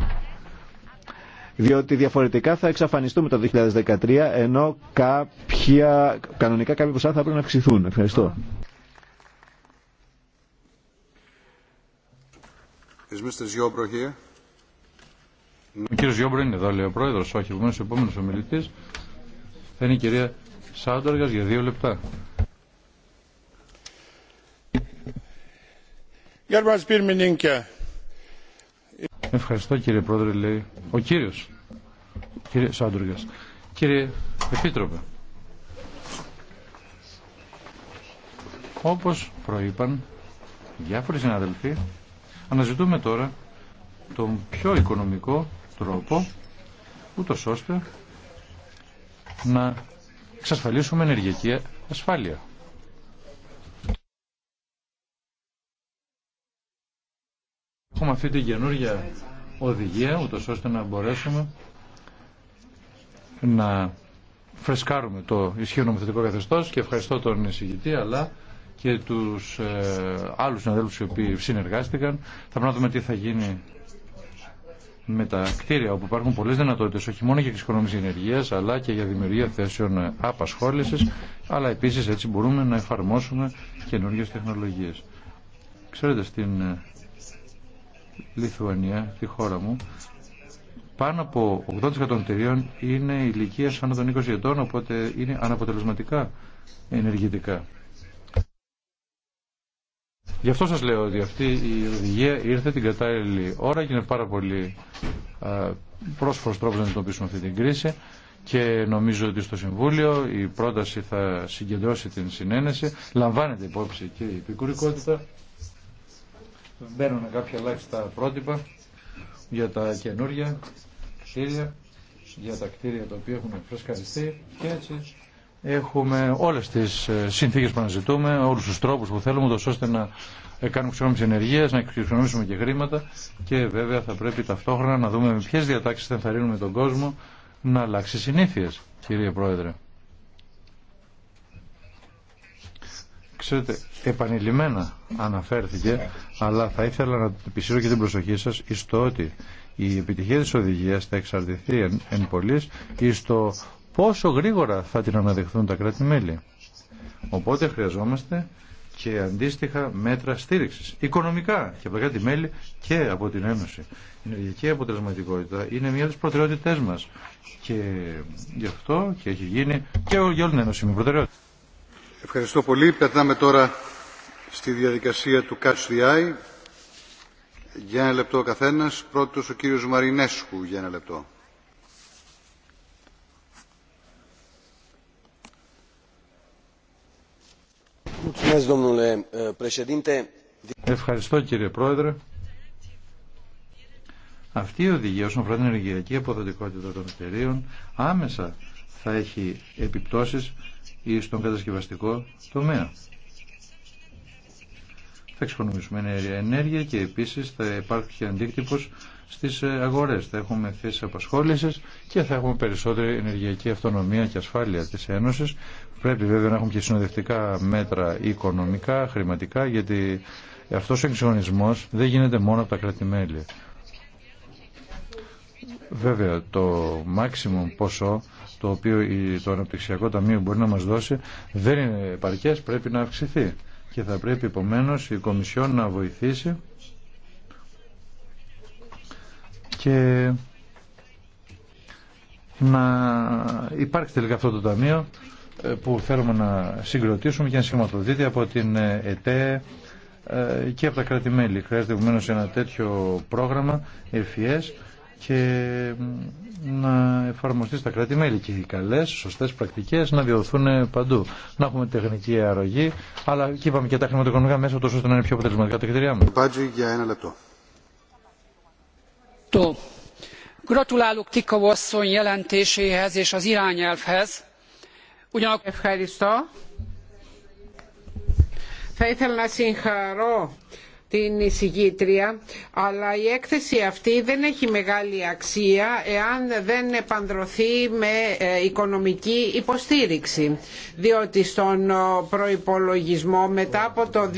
διότι διαφορετικά θα εξαφανιστούμε το 2013, ενώ κάποια, κανονικά κάποια ποσά θα πρέπει να αυξηθούν. Ευχαριστώ. Ο κύριος Γιόμπρο είναι εδώ, λέει ο πρόεδρος, όχι, ο επόμενος ομιλητής είναι η κυρία Σάντοργας για δύο λεπτά. Ευχαριστώ κύριε Πρόεδρε, λέει ο κύριος, κύριε Σάντουργας. Κύριε Επίτροπε, όπως προείπαν διάφοροι συναδελφοί, αναζητούμε τώρα τον πιο οικονομικό τρόπο, ούτω ώστε να εξασφαλίσουμε ενεργειακή ασφάλεια. Έχουμε αυτή την καινούργια οδηγία, ούτως ώστε να μπορέσουμε να φρεσκάρουμε το ισχύον νομοθετικό καθεστώς και ευχαριστώ τον εισηγητή, αλλά και τους ε, άλλους συναδέλφους οι οποίοι συνεργάστηκαν. Θα πρέπει να δούμε τι θα γίνει με τα κτίρια όπου υπάρχουν πολλές δυνατότητες όχι μόνο για εξοικονόμηση ενέργεια, αλλά και για δημιουργία θέσεων απασχόλησης αλλά επίσης έτσι μπορούμε να εφαρμόσουμε καινούργιες τεχνολογίες. Ξέρετε στην ε, Λιθουανία, τη χώρα μου, πάνω από 80% των εταιριών είναι ηλικία άνω των 20 ετών, οπότε είναι αναποτελεσματικά ενεργητικά. Γι' αυτό σας λέω ότι αυτή η οδηγία ήρθε την κατάλληλη ώρα και είναι πάρα πολύ α, πρόσφορος τρόπος να αντιμετωπίσουμε αυτή την κρίση και νομίζω ότι στο Συμβούλιο η πρόταση θα συγκεντρώσει την συνένεση, λαμβάνεται υπόψη και η επικουρικότητα μπαίνουν κάποια ελάχιστα πρότυπα για τα καινούργια κτίρια, για τα κτίρια τα οποία έχουν φρεσκαριστεί και έτσι έχουμε όλες τις ε, συνθήκες που αναζητούμε, όλους τους τρόπους που θέλουμε, ώστε να ε, κάνουμε εξοικονόμηση ενεργεία, να εξοικονομήσουμε και χρήματα και βέβαια θα πρέπει ταυτόχρονα να δούμε με ποιες διατάξεις θα ενθαρρύνουμε τον κόσμο να αλλάξει συνήθειες, κύριε Πρόεδρε. Ξέρετε, επανειλημμένα αναφέρθηκε, αλλά θα ήθελα να επισύρω και την προσοχή σας εις ότι η επιτυχία της οδηγίας θα εξαρτηθεί εν, εν πολλής εις πόσο γρήγορα θα την αναδεχθούν τα κράτη-μέλη. Οπότε χρειαζόμαστε και αντίστοιχα μέτρα στήριξη. Οικονομικά και από τα κράτη-μέλη και από την Ένωση. Η ενεργειακή αποτελεσματικότητα είναι μια από τι προτεραιότητέ μα. Και γι' αυτό και έχει γίνει και για όλη την Ένωση με προτεραιότητα. Ευχαριστώ πολύ. Περνάμε τώρα στη διαδικασία του Catch the Eye. Για ένα λεπτό ο καθένας. Πρώτος ο κύριος Μαρινέσκου για ένα λεπτό. Eh, Ευχαριστώ κύριε Πρόεδρε. Αυτή η οδηγία όσον αφορά την ενεργειακή αποδοτικότητα των εταιρείων άμεσα θα έχει επιπτώσεις ή στον κατασκευαστικό τομέα. Θα εξοικονομήσουμε ενέργεια και επίσης θα υπάρχει αντίκτυπος στις ε, αγορές. Θα έχουμε θέσεις απασχόλησης και θα έχουμε περισσότερη ενεργειακή αυτονομία και ασφάλεια της Ένωσης. Πρέπει βέβαια να έχουμε και συνοδευτικά μέτρα οικονομικά, χρηματικά, γιατί αυτός ο εξοικονισμός δεν γίνεται μόνο από τα κρατημέλη. Βέβαια, το μάξιμουμ ποσό το οποίο το Αναπτυξιακό Ταμείο μπορεί να μας δώσει δεν είναι επαρκές, πρέπει να αυξηθεί και θα πρέπει επομένω η Κομισιόν να βοηθήσει και να υπάρξει τελικά αυτό το ταμείο ε, που θέλουμε να συγκροτήσουμε και να σχηματοδοτείται από την ε, ΕΤΕ ε, και από τα κράτη-μέλη. Χρειάζεται επομένως ένα τέτοιο πρόγραμμα ΕΦΙΕΣ, και να εφαρμοστεί στα κράτη-μέλη και οι καλές, σωστές πρακτικές να βιωθούν παντού. Να έχουμε τεχνική αρρωγή, αλλά και είπαμε και τα χρηματοοικονομικά μέσα τόσο ώστε να είναι πιο αποτελεσματικά τα κριτήριά μου. για ένα λεπτό. Το. Gratulálok Tikau asszony jelentéséhez és az irányelvhez. Ugyanakkor ευχαριστώ. Θα ήθελα να συγχαρώ την εισηγήτρια αλλά η έκθεση αυτή δεν έχει μεγάλη αξία εάν δεν επανδρωθεί με ε, οικονομική υποστήριξη διότι στον ε, προϋπολογισμό μετά από το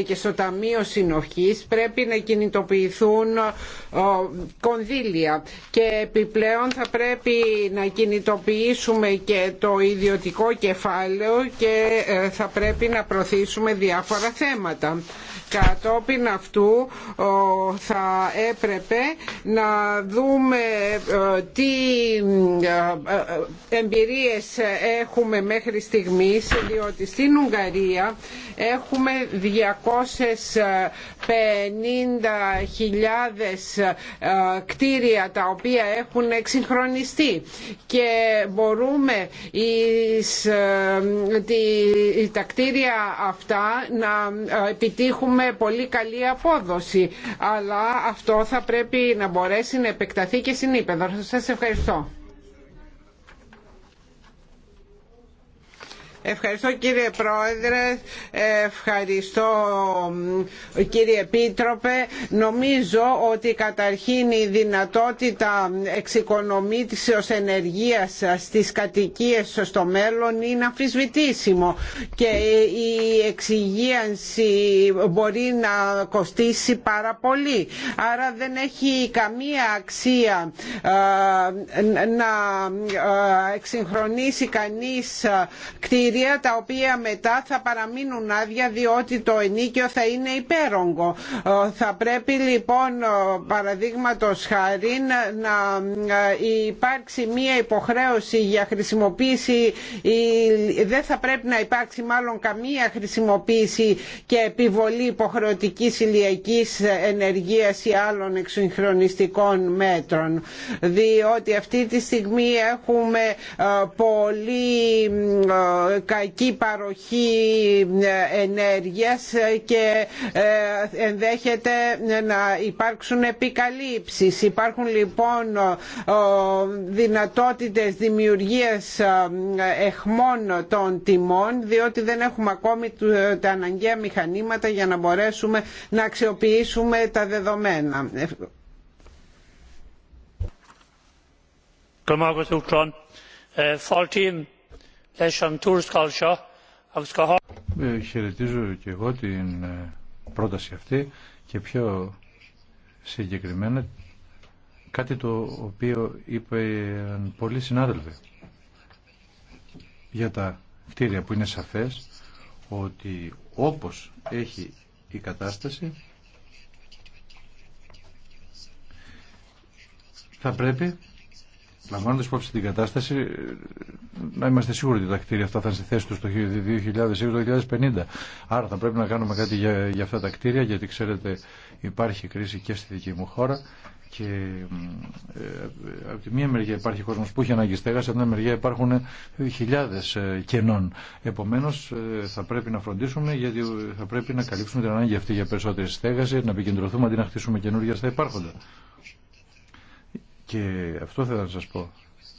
2013 και στο Ταμείο Συνοχής πρέπει να κινητοποιηθούν ε, κονδύλια και επιπλέον θα πρέπει να κινητοποιήσουμε και το ιδιωτικό κεφάλαιο και θα πρέπει να προωθήσουμε διάφορα θέματα κατόπιν αυτού θα έπρεπε να δούμε τι ε, ε, ε, εμπειρίες έχουμε μέχρι στιγμής διότι στην Ουγγαρία έχουμε 250.000 ε, κτίρια τα οποία έχουν εξυγχρονιστεί και μπορούμε εις, ε, τη, τα κτίρια αυτά να ε, επιτύχουμε πολύ καλή απόδοση αλλά αυτό θα πρέπει να μπορέσει να επεκταθεί και συνήπεδο. Σας ευχαριστώ. Ευχαριστώ κύριε Πρόεδρε, ευχαριστώ κύριε Επίτροπε. Νομίζω ότι καταρχήν η δυνατότητα εξοικονομήσεως ενεργείας στις κατοικίες στο μέλλον είναι αμφισβητήσιμο και η εξυγίανση μπορεί να κοστίσει πάρα πολύ. Άρα δεν έχει καμία αξία ε, να ε, εξυγχρονίσει κανείς κτίρια τα οποία μετά θα παραμείνουν άδεια διότι το ενίκιο θα είναι υπέρογγο. Ε, θα πρέπει λοιπόν ε, παραδείγματο χάρη να ε, υπάρξει μία υποχρέωση για χρησιμοποίηση, δεν θα πρέπει να υπάρξει μάλλον καμία χρησιμοποίηση και επιβολή υποχρεωτικής ηλιακής ενεργείας ή άλλων εξυγχρονιστικών μέτρων διότι αυτή τη στιγμή έχουμε πολύ κακή παροχή ε, ενέργειας και ε, ενδέχεται να υπάρξουν επικαλύψεις. Υπάρχουν λοιπόν δυνατότητες δημιουργίας ε, εχμών των τιμών διότι δεν έχουμε ακόμη τα αναγκαία μηχανήματα για να μπορέσουμε να αξιοποιήσουμε τα δεδομένα. Ε, χαιρετίζω και εγώ την ε, πρόταση αυτή και πιο συγκεκριμένα κάτι το οποίο είπε πολλοί συνάδελφοι για τα κτίρια που είναι σαφές ότι όπως έχει η κατάσταση θα πρέπει λαμβάνοντας υπόψη την κατάσταση να είμαστε σίγουροι ότι τα κτίρια αυτά θα είναι στη θέση του το 2050 Άρα θα πρέπει να κάνουμε κάτι για, για αυτά τα κτίρια, γιατί ξέρετε υπάρχει κρίση και στη δική μου χώρα και ε, από τη μία μεριά υπάρχει κόσμος που έχει ανάγκη στέγαση, από την άλλη μεριά υπάρχουν χιλιάδες ε, κενών. Επομένως ε, θα πρέπει να φροντίσουμε γιατί θα πρέπει να καλύψουμε την ανάγκη αυτή για περισσότερη στέγαση, να επικεντρωθούμε αντί να χτίσουμε καινούργια στα υπάρχοντα. Και αυτό θέλω να πω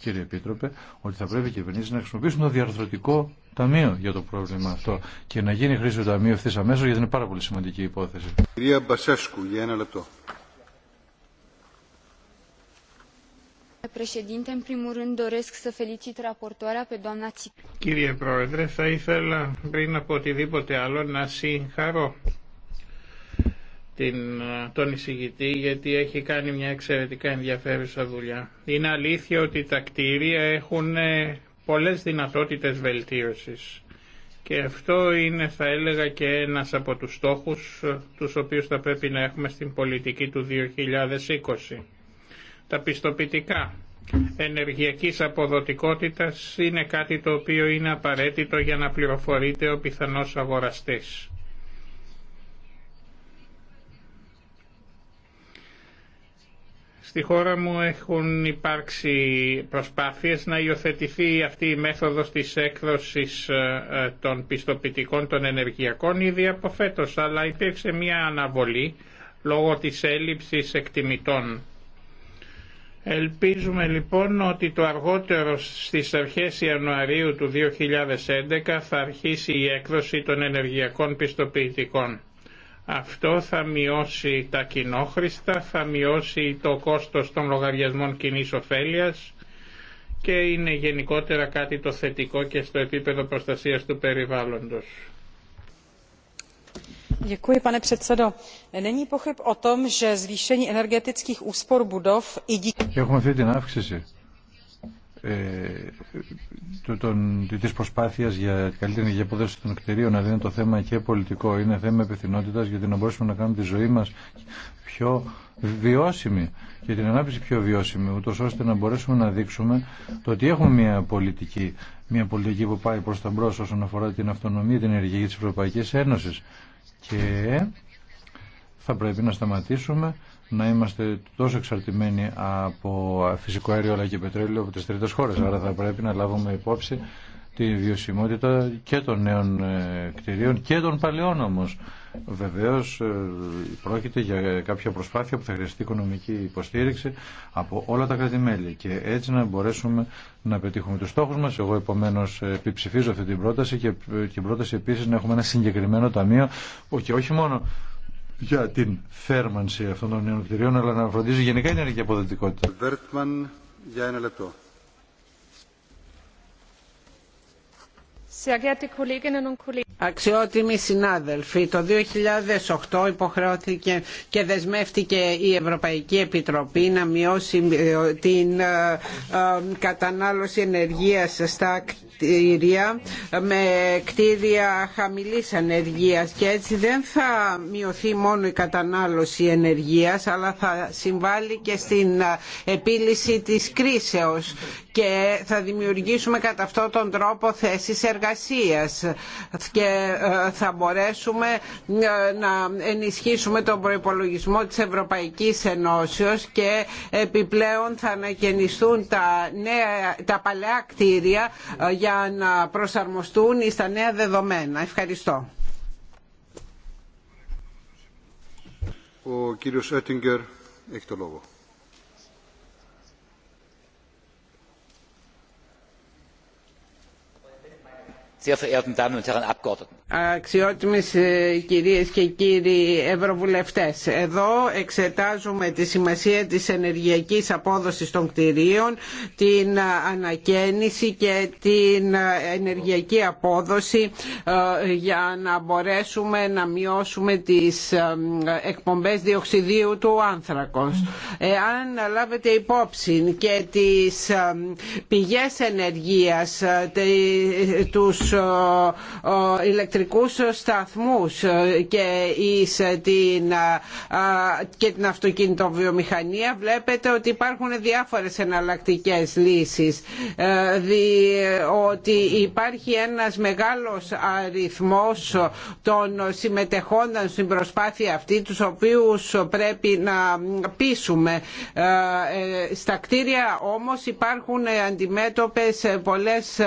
κύριε Επίτροπε, ότι θα πρέπει οι κυβερνήσει να χρησιμοποιήσουν το διαρθρωτικό ταμείο για το πρόβλημα αυτό και να γίνει χρήση του ταμείου ευθύ αμέσω γιατί είναι πάρα πολύ σημαντική η υπόθεση. Κύριε Πρόεδρε, θα ήθελα πριν από οτιδήποτε άλλο να συγχαρώ την, τον εισηγητή γιατί έχει κάνει μια εξαιρετικά ενδιαφέρουσα δουλειά. Είναι αλήθεια ότι τα κτίρια έχουν ε, πολλές δυνατότητες βελτίωσης και αυτό είναι θα έλεγα και ένας από τους στόχους ε, τους οποίους θα πρέπει να έχουμε στην πολιτική του 2020. Τα πιστοποιητικά ενεργειακής αποδοτικότητας είναι κάτι το οποίο είναι απαραίτητο για να πληροφορείται ο πιθανός αγοραστής. Στη χώρα μου έχουν υπάρξει προσπάθειες να υιοθετηθεί αυτή η μέθοδος της έκδοσης ε, ε, των πιστοποιητικών των ενεργειακών ήδη από φέτος, αλλά υπήρξε μια αναβολή λόγω της έλλειψης εκτιμητών. Ελπίζουμε λοιπόν ότι το αργότερο στις αρχές Ιανουαρίου του 2011 θα αρχίσει η έκδοση των ενεργειακών πιστοποιητικών. Αυτό θα μειώσει τα κοινόχρηστα, θα μειώσει το κόστος των λογαριασμών κοινή ωφέλεια και είναι γενικότερα κάτι το θετικό και στο επίπεδο προστασίας του περιβάλλοντος. Děkuji, pane předsedo. Není pochyb o tom, že zvýšení energetických úspor budov i díky... Έχουμε αυτή την αύξηση ε, τον, της προσπάθειας για καλύτερη για απόδοση των κτηρίων να είναι το θέμα και πολιτικό είναι θέμα επιθυνότητας γιατί να μπορέσουμε να κάνουμε τη ζωή μας πιο βιώσιμη και την ανάπτυξη πιο βιώσιμη ούτως ώστε να μπορέσουμε να δείξουμε το ότι έχουμε μια πολιτική μια πολιτική που πάει προς τα μπρος όσον αφορά την αυτονομία την ενεργειακή της Ευρωπαϊκής Ένωσης και θα πρέπει να σταματήσουμε να είμαστε τόσο εξαρτημένοι από φυσικό αέριο αλλά και πετρέλαιο από τις τρίτες χώρες. Άρα θα πρέπει να λάβουμε υπόψη τη βιωσιμότητα και των νέων ε, κτηρίων και των παλαιών όμως. Βεβαίως ε, πρόκειται για κάποια προσπάθεια που θα χρειαστεί οικονομική υποστήριξη από όλα τα κρατημέλη και έτσι να μπορέσουμε να πετύχουμε τους στόχους μας. Εγώ επομένως επιψηφίζω αυτή την πρόταση και ε, την πρόταση επίσης να έχουμε ένα συγκεκριμένο ταμείο και όχι μόνο για την θέρμανση αυτών των νέων κτηρίων, αλλά να φροντίζει γενικά η ενεργειακή αποδοτικότητα. Βέρτμαν, για ένα λεπτό. Αξιότιμοι συνάδελφοι, το 2008 υποχρεώθηκε και δεσμεύτηκε η Ευρωπαϊκή Επιτροπή να μειώσει ε, την ε, ε, κατανάλωση ενεργείας στα κτίρια με κτίρια χαμηλής ενεργείας και έτσι δεν θα μειωθεί μόνο η κατανάλωση ενεργείας αλλά θα συμβάλλει και στην επίλυση της κρίσεως και θα δημιουργήσουμε κατά αυτόν τον τρόπο θέσεις εργασίας εργασίας και ε, θα μπορέσουμε ε, να ενισχύσουμε τον προϋπολογισμό της Ευρωπαϊκής Ενώσεως και επιπλέον θα ανακαινιστούν τα, νέα, τα παλαιά κτίρια ε, για να προσαρμοστούν στα νέα δεδομένα. Ευχαριστώ. Ο κύριος Έτιγκερ έχει το λόγο. sehr verehrten damen und herren abgeordneten! Αξιότιμες ε, κυρίες και κύριοι Ευρωβουλευτές, εδώ εξετάζουμε τη σημασία της ενεργειακής απόδοσης των κτηρίων, την ανακαίνιση και την ενεργειακή απόδοση ε, για να μπορέσουμε να μειώσουμε τις ε, εκπομπές διοξιδίου του άνθρακος. Εάν λάβετε υπόψη και τις πηγές ενεργείας, τους ηλεκτρικούς ηλεκτρικούς σταθμούς και, την, και την αυτοκινητοβιομηχανία βλέπετε ότι υπάρχουν διάφορες εναλλακτικές λύσεις ε, ότι υπάρχει ένας μεγάλος αριθμός των συμμετεχόντων στην προσπάθεια αυτή τους οποίους πρέπει να πείσουμε ε, στα κτίρια όμως υπάρχουν αντιμέτωπες πολλές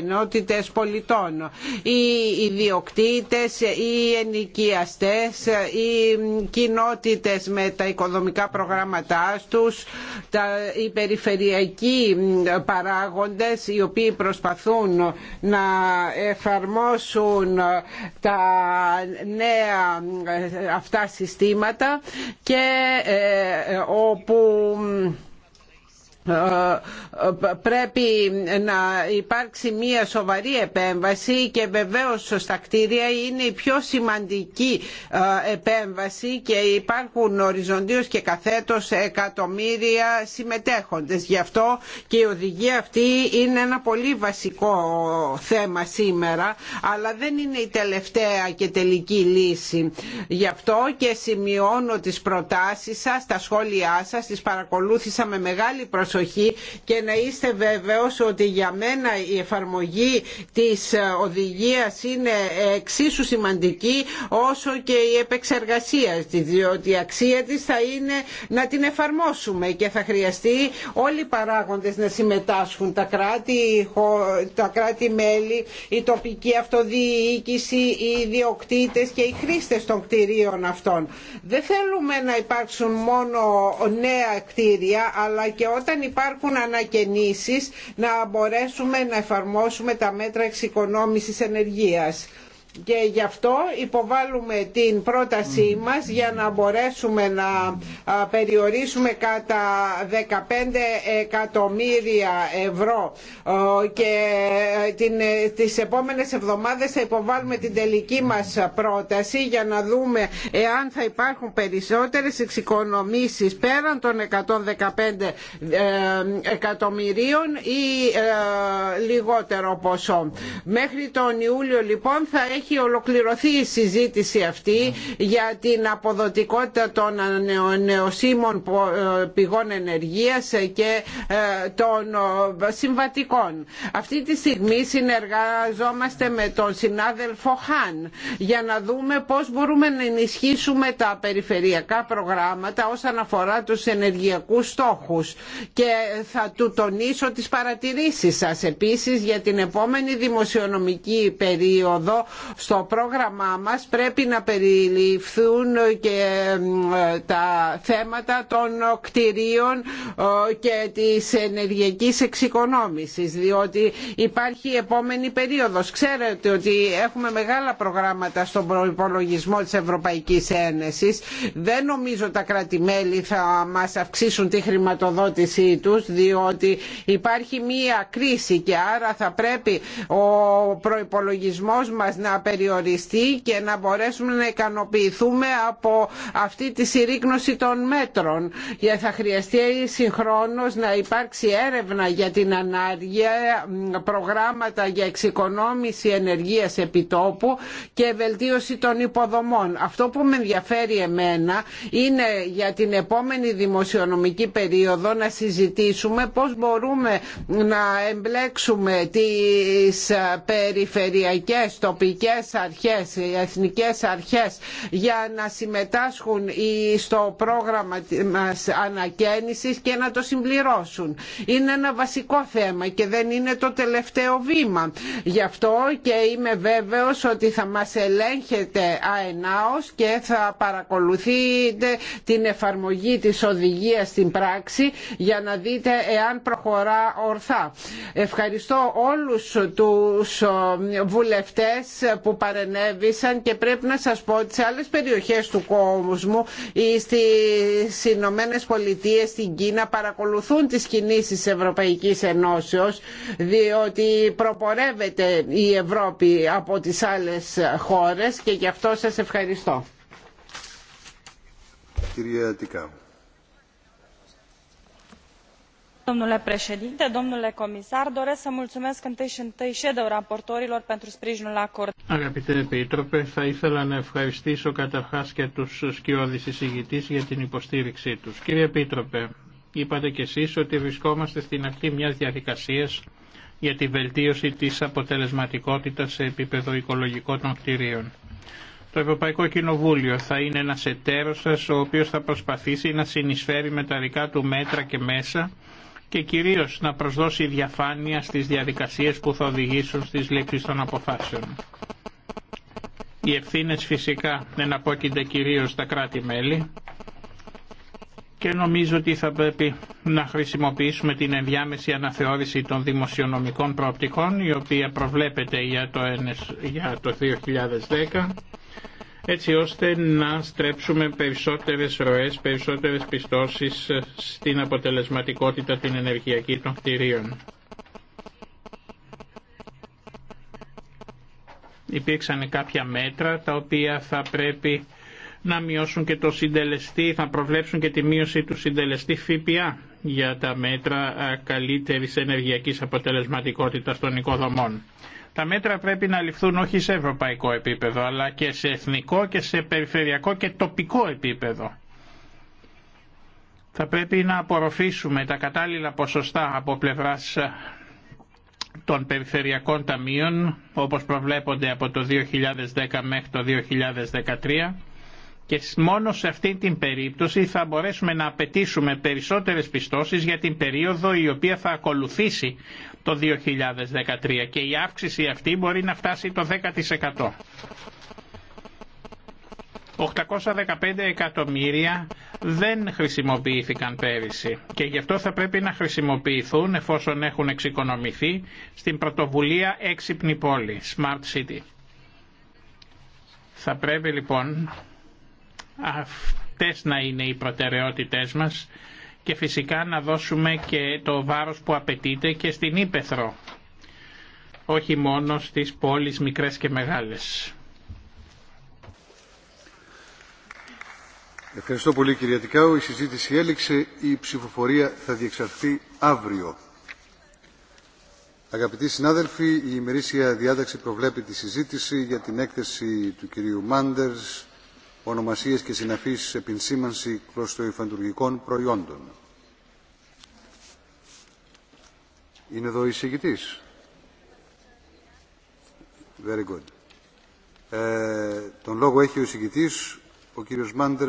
ενότητες πολιτών οι ιδιο ιδιοκτήτες ή ενοικιαστές ή κοινότητες με τα οικοδομικά προγράμματά τους, τα, οι περιφερειακοί παράγοντες οι οποίοι προσπαθούν να εφαρμόσουν τα νέα ε, αυτά συστήματα και ε, όπου πρέπει να υπάρξει μια σοβαρή επέμβαση και βεβαίως στα κτίρια είναι η πιο σημαντική ε, επέμβαση και υπάρχουν οριζοντίως και καθέτως εκατομμύρια συμμετέχοντες. Γι' αυτό και η οδηγία αυτή είναι ένα πολύ βασικό θέμα σήμερα αλλά δεν είναι η τελευταία και τελική λύση. Γι' αυτό και σημειώνω τις προτάσεις σας, τα σχόλιά σας, τις παρακολούθησα με μεγάλη προσοχή και να είστε βέβαιος ότι για μένα η εφαρμογή της οδηγίας είναι εξίσου σημαντική όσο και η επεξεργασία της διότι η αξία της θα είναι να την εφαρμόσουμε και θα χρειαστεί όλοι οι παράγοντες να συμμετάσχουν τα κράτη, τα κράτη-μέλη, η τοπική αυτοδιοίκηση, οι ιδιοκτήτες και οι χρήστες των κτηρίων αυτών. Δεν θέλουμε να υπάρξουν μόνο νέα κτίρια αλλά και όταν υπάρχουν ανακαινήσεις να μπορέσουμε να εφαρμόσουμε τα μέτρα εξοικονόμησης ενεργείας και γι' αυτό υποβάλλουμε την πρότασή μας για να μπορέσουμε να περιορίσουμε κατά 15 εκατομμύρια ευρώ και ε, την, ε, τις επόμενες εβδομάδες θα υποβάλουμε την τελική μας πρόταση για να δούμε εάν θα υπάρχουν περισσότερες εξοικονομήσεις πέραν των 115 ε, εκατομμυρίων ή λιγότερο ποσό. Μέχρι τον Ιούλιο λοιπόν θα έχει ολοκληρωθεί η συζήτηση αυτή για την αποδοτικότητα των νεοσύμων ε, πηγών ενεργείας και ε, των ε, συμβατικών. Αυτή τη στιγμή συνεργαζόμαστε με τον συνάδελφο Χάν για να δούμε πώς μπορούμε να ενισχύσουμε τα περιφερειακά προγράμματα όσον αφορά τους ενεργειακούς στόχους και θα του τονίσω τις παρατηρήσεις σας επίσης για την επόμενη δημοσιονομική περίοδο στο πρόγραμμά μας πρέπει να περιληφθούν και τα θέματα των κτηρίων και της ενεργειακής εξοικονόμησης διότι υπάρχει επόμενη περίοδος. Ξέρετε ότι έχουμε μεγάλα προγράμματα στον προϋπολογισμό της Ευρωπαϊκής Ένωσης. Δεν νομίζω τα κράτη-μέλη θα μας αυξήσουν τη χρηματοδότησή τους διότι υπάρχει μία κρίση και άρα θα πρέπει ο προϋπολογισμός μας να περιοριστεί και να μπορέσουμε να ικανοποιηθούμε από αυτή τη συρρήκνωση των μέτρων. Για θα χρειαστεί συγχρόνως να υπάρξει έρευνα για την ανάργεια, προγράμματα για εξοικονόμηση ενεργείας επιτόπου και βελτίωση των υποδομών. Αυτό που με ενδιαφέρει εμένα είναι για την επόμενη δημοσιονομική περίοδο να συζητήσουμε πώς μπορούμε να εμπλέξουμε τις περιφερειακές τοπικές εθνικές αρχές, οι εθνικές αρχές για να συμμετάσχουν στο πρόγραμμα μας ανακαίνησης και να το συμπληρώσουν. Είναι ένα βασικό θέμα και δεν είναι το τελευταίο βήμα. Γι' αυτό και είμαι βέβαιος ότι θα μας ελέγχεται αενάως και θα παρακολουθείτε την εφαρμογή της οδηγίας στην πράξη για να δείτε εάν προχωρά ορθά. Ευχαριστώ όλους τους βουλευτές που παρενέβησαν και πρέπει να σας πω ότι σε άλλες περιοχές του κόσμου ή στις Ηνωμένε Πολιτείε, στην Κίνα παρακολουθούν τις κινήσεις Ευρωπαϊκής Ενώσεως διότι προπορεύεται η Ευρώπη από τις άλλες χώρες και γι' αυτό σας ευχαριστώ doresc să mulțumesc întâi și întâi shadow raportorilor pentru sprijinul Επίτροπε, θα ήθελα να ευχαριστήσω καταρχάς και τους σκιώδεις εισηγητής για την υποστήριξή τους. Κύριε Πίτροπε, είπατε κι εσείς ότι βρισκόμαστε στην αρχή μιας διαδικασίας για τη βελτίωση της αποτελεσματικότητας σε επίπεδο οικολογικό των κτηρίων. Το Ευρωπαϊκό Κοινοβούλιο θα είναι ένας εταίρος σας ο οποίος θα προσπαθήσει να συνεισφέρει με τα του μέτρα και μέσα και κυρίως να προσδώσει διαφάνεια στις διαδικασίες που θα οδηγήσουν στις λήψεις των αποφάσεων. Οι ευθύνε φυσικά δεν απόκεινται κυρίως στα κράτη-μέλη και νομίζω ότι θα πρέπει να χρησιμοποιήσουμε την ενδιάμεση αναθεώρηση των δημοσιονομικών προοπτικών η οποία προβλέπεται για το 2010 έτσι ώστε να στρέψουμε περισσότερες ροές, περισσότερες πιστώσεις στην αποτελεσματικότητα την ενεργειακή των κτηρίων. Υπήρξαν κάποια μέτρα τα οποία θα πρέπει να μειώσουν και το συντελεστή, θα προβλέψουν και τη μείωση του συντελεστή ΦΠΑ για τα μέτρα καλύτερης ενεργειακής αποτελεσματικότητας των οικοδομών. Τα μέτρα πρέπει να ληφθούν όχι σε ευρωπαϊκό επίπεδο, αλλά και σε εθνικό και σε περιφερειακό και τοπικό επίπεδο. Θα πρέπει να απορροφήσουμε τα κατάλληλα ποσοστά από πλευράς των περιφερειακών ταμείων, όπως προβλέπονται από το 2010 μέχρι το 2013, και μόνο σε αυτή την περίπτωση θα μπορέσουμε να απαιτήσουμε περισσότερες πιστώσεις για την περίοδο η οποία θα ακολουθήσει το 2013 και η αύξηση αυτή μπορεί να φτάσει το 10%. 815 εκατομμύρια δεν χρησιμοποιήθηκαν πέρυσι και γι' αυτό θα πρέπει να χρησιμοποιηθούν εφόσον έχουν εξοικονομηθεί στην πρωτοβουλία έξυπνη πόλη, Smart City. Θα πρέπει λοιπόν Αυτές να είναι οι προτεραιότητές μας και φυσικά να δώσουμε και το βάρος που απαιτείται και στην Ήπεθρο, όχι μόνο στις πόλεις μικρές και μεγάλες. Ευχαριστώ πολύ κυρία Τικάου. Η συζήτηση έληξε. Η ψηφοφορία θα διεξαρθεί αύριο. Αγαπητοί συνάδελφοι, η ημερήσια διάταξη προβλέπει τη συζήτηση για την έκθεση του κυρίου Μάντερς ονομασίες και συναφείς επισήμανση κλωστοϊφαντουργικών προϊόντων. Είναι εδώ η εισηγητής. Very good. Ε, τον λόγο έχει ο εισηγητής, ο κύριος Μάντερ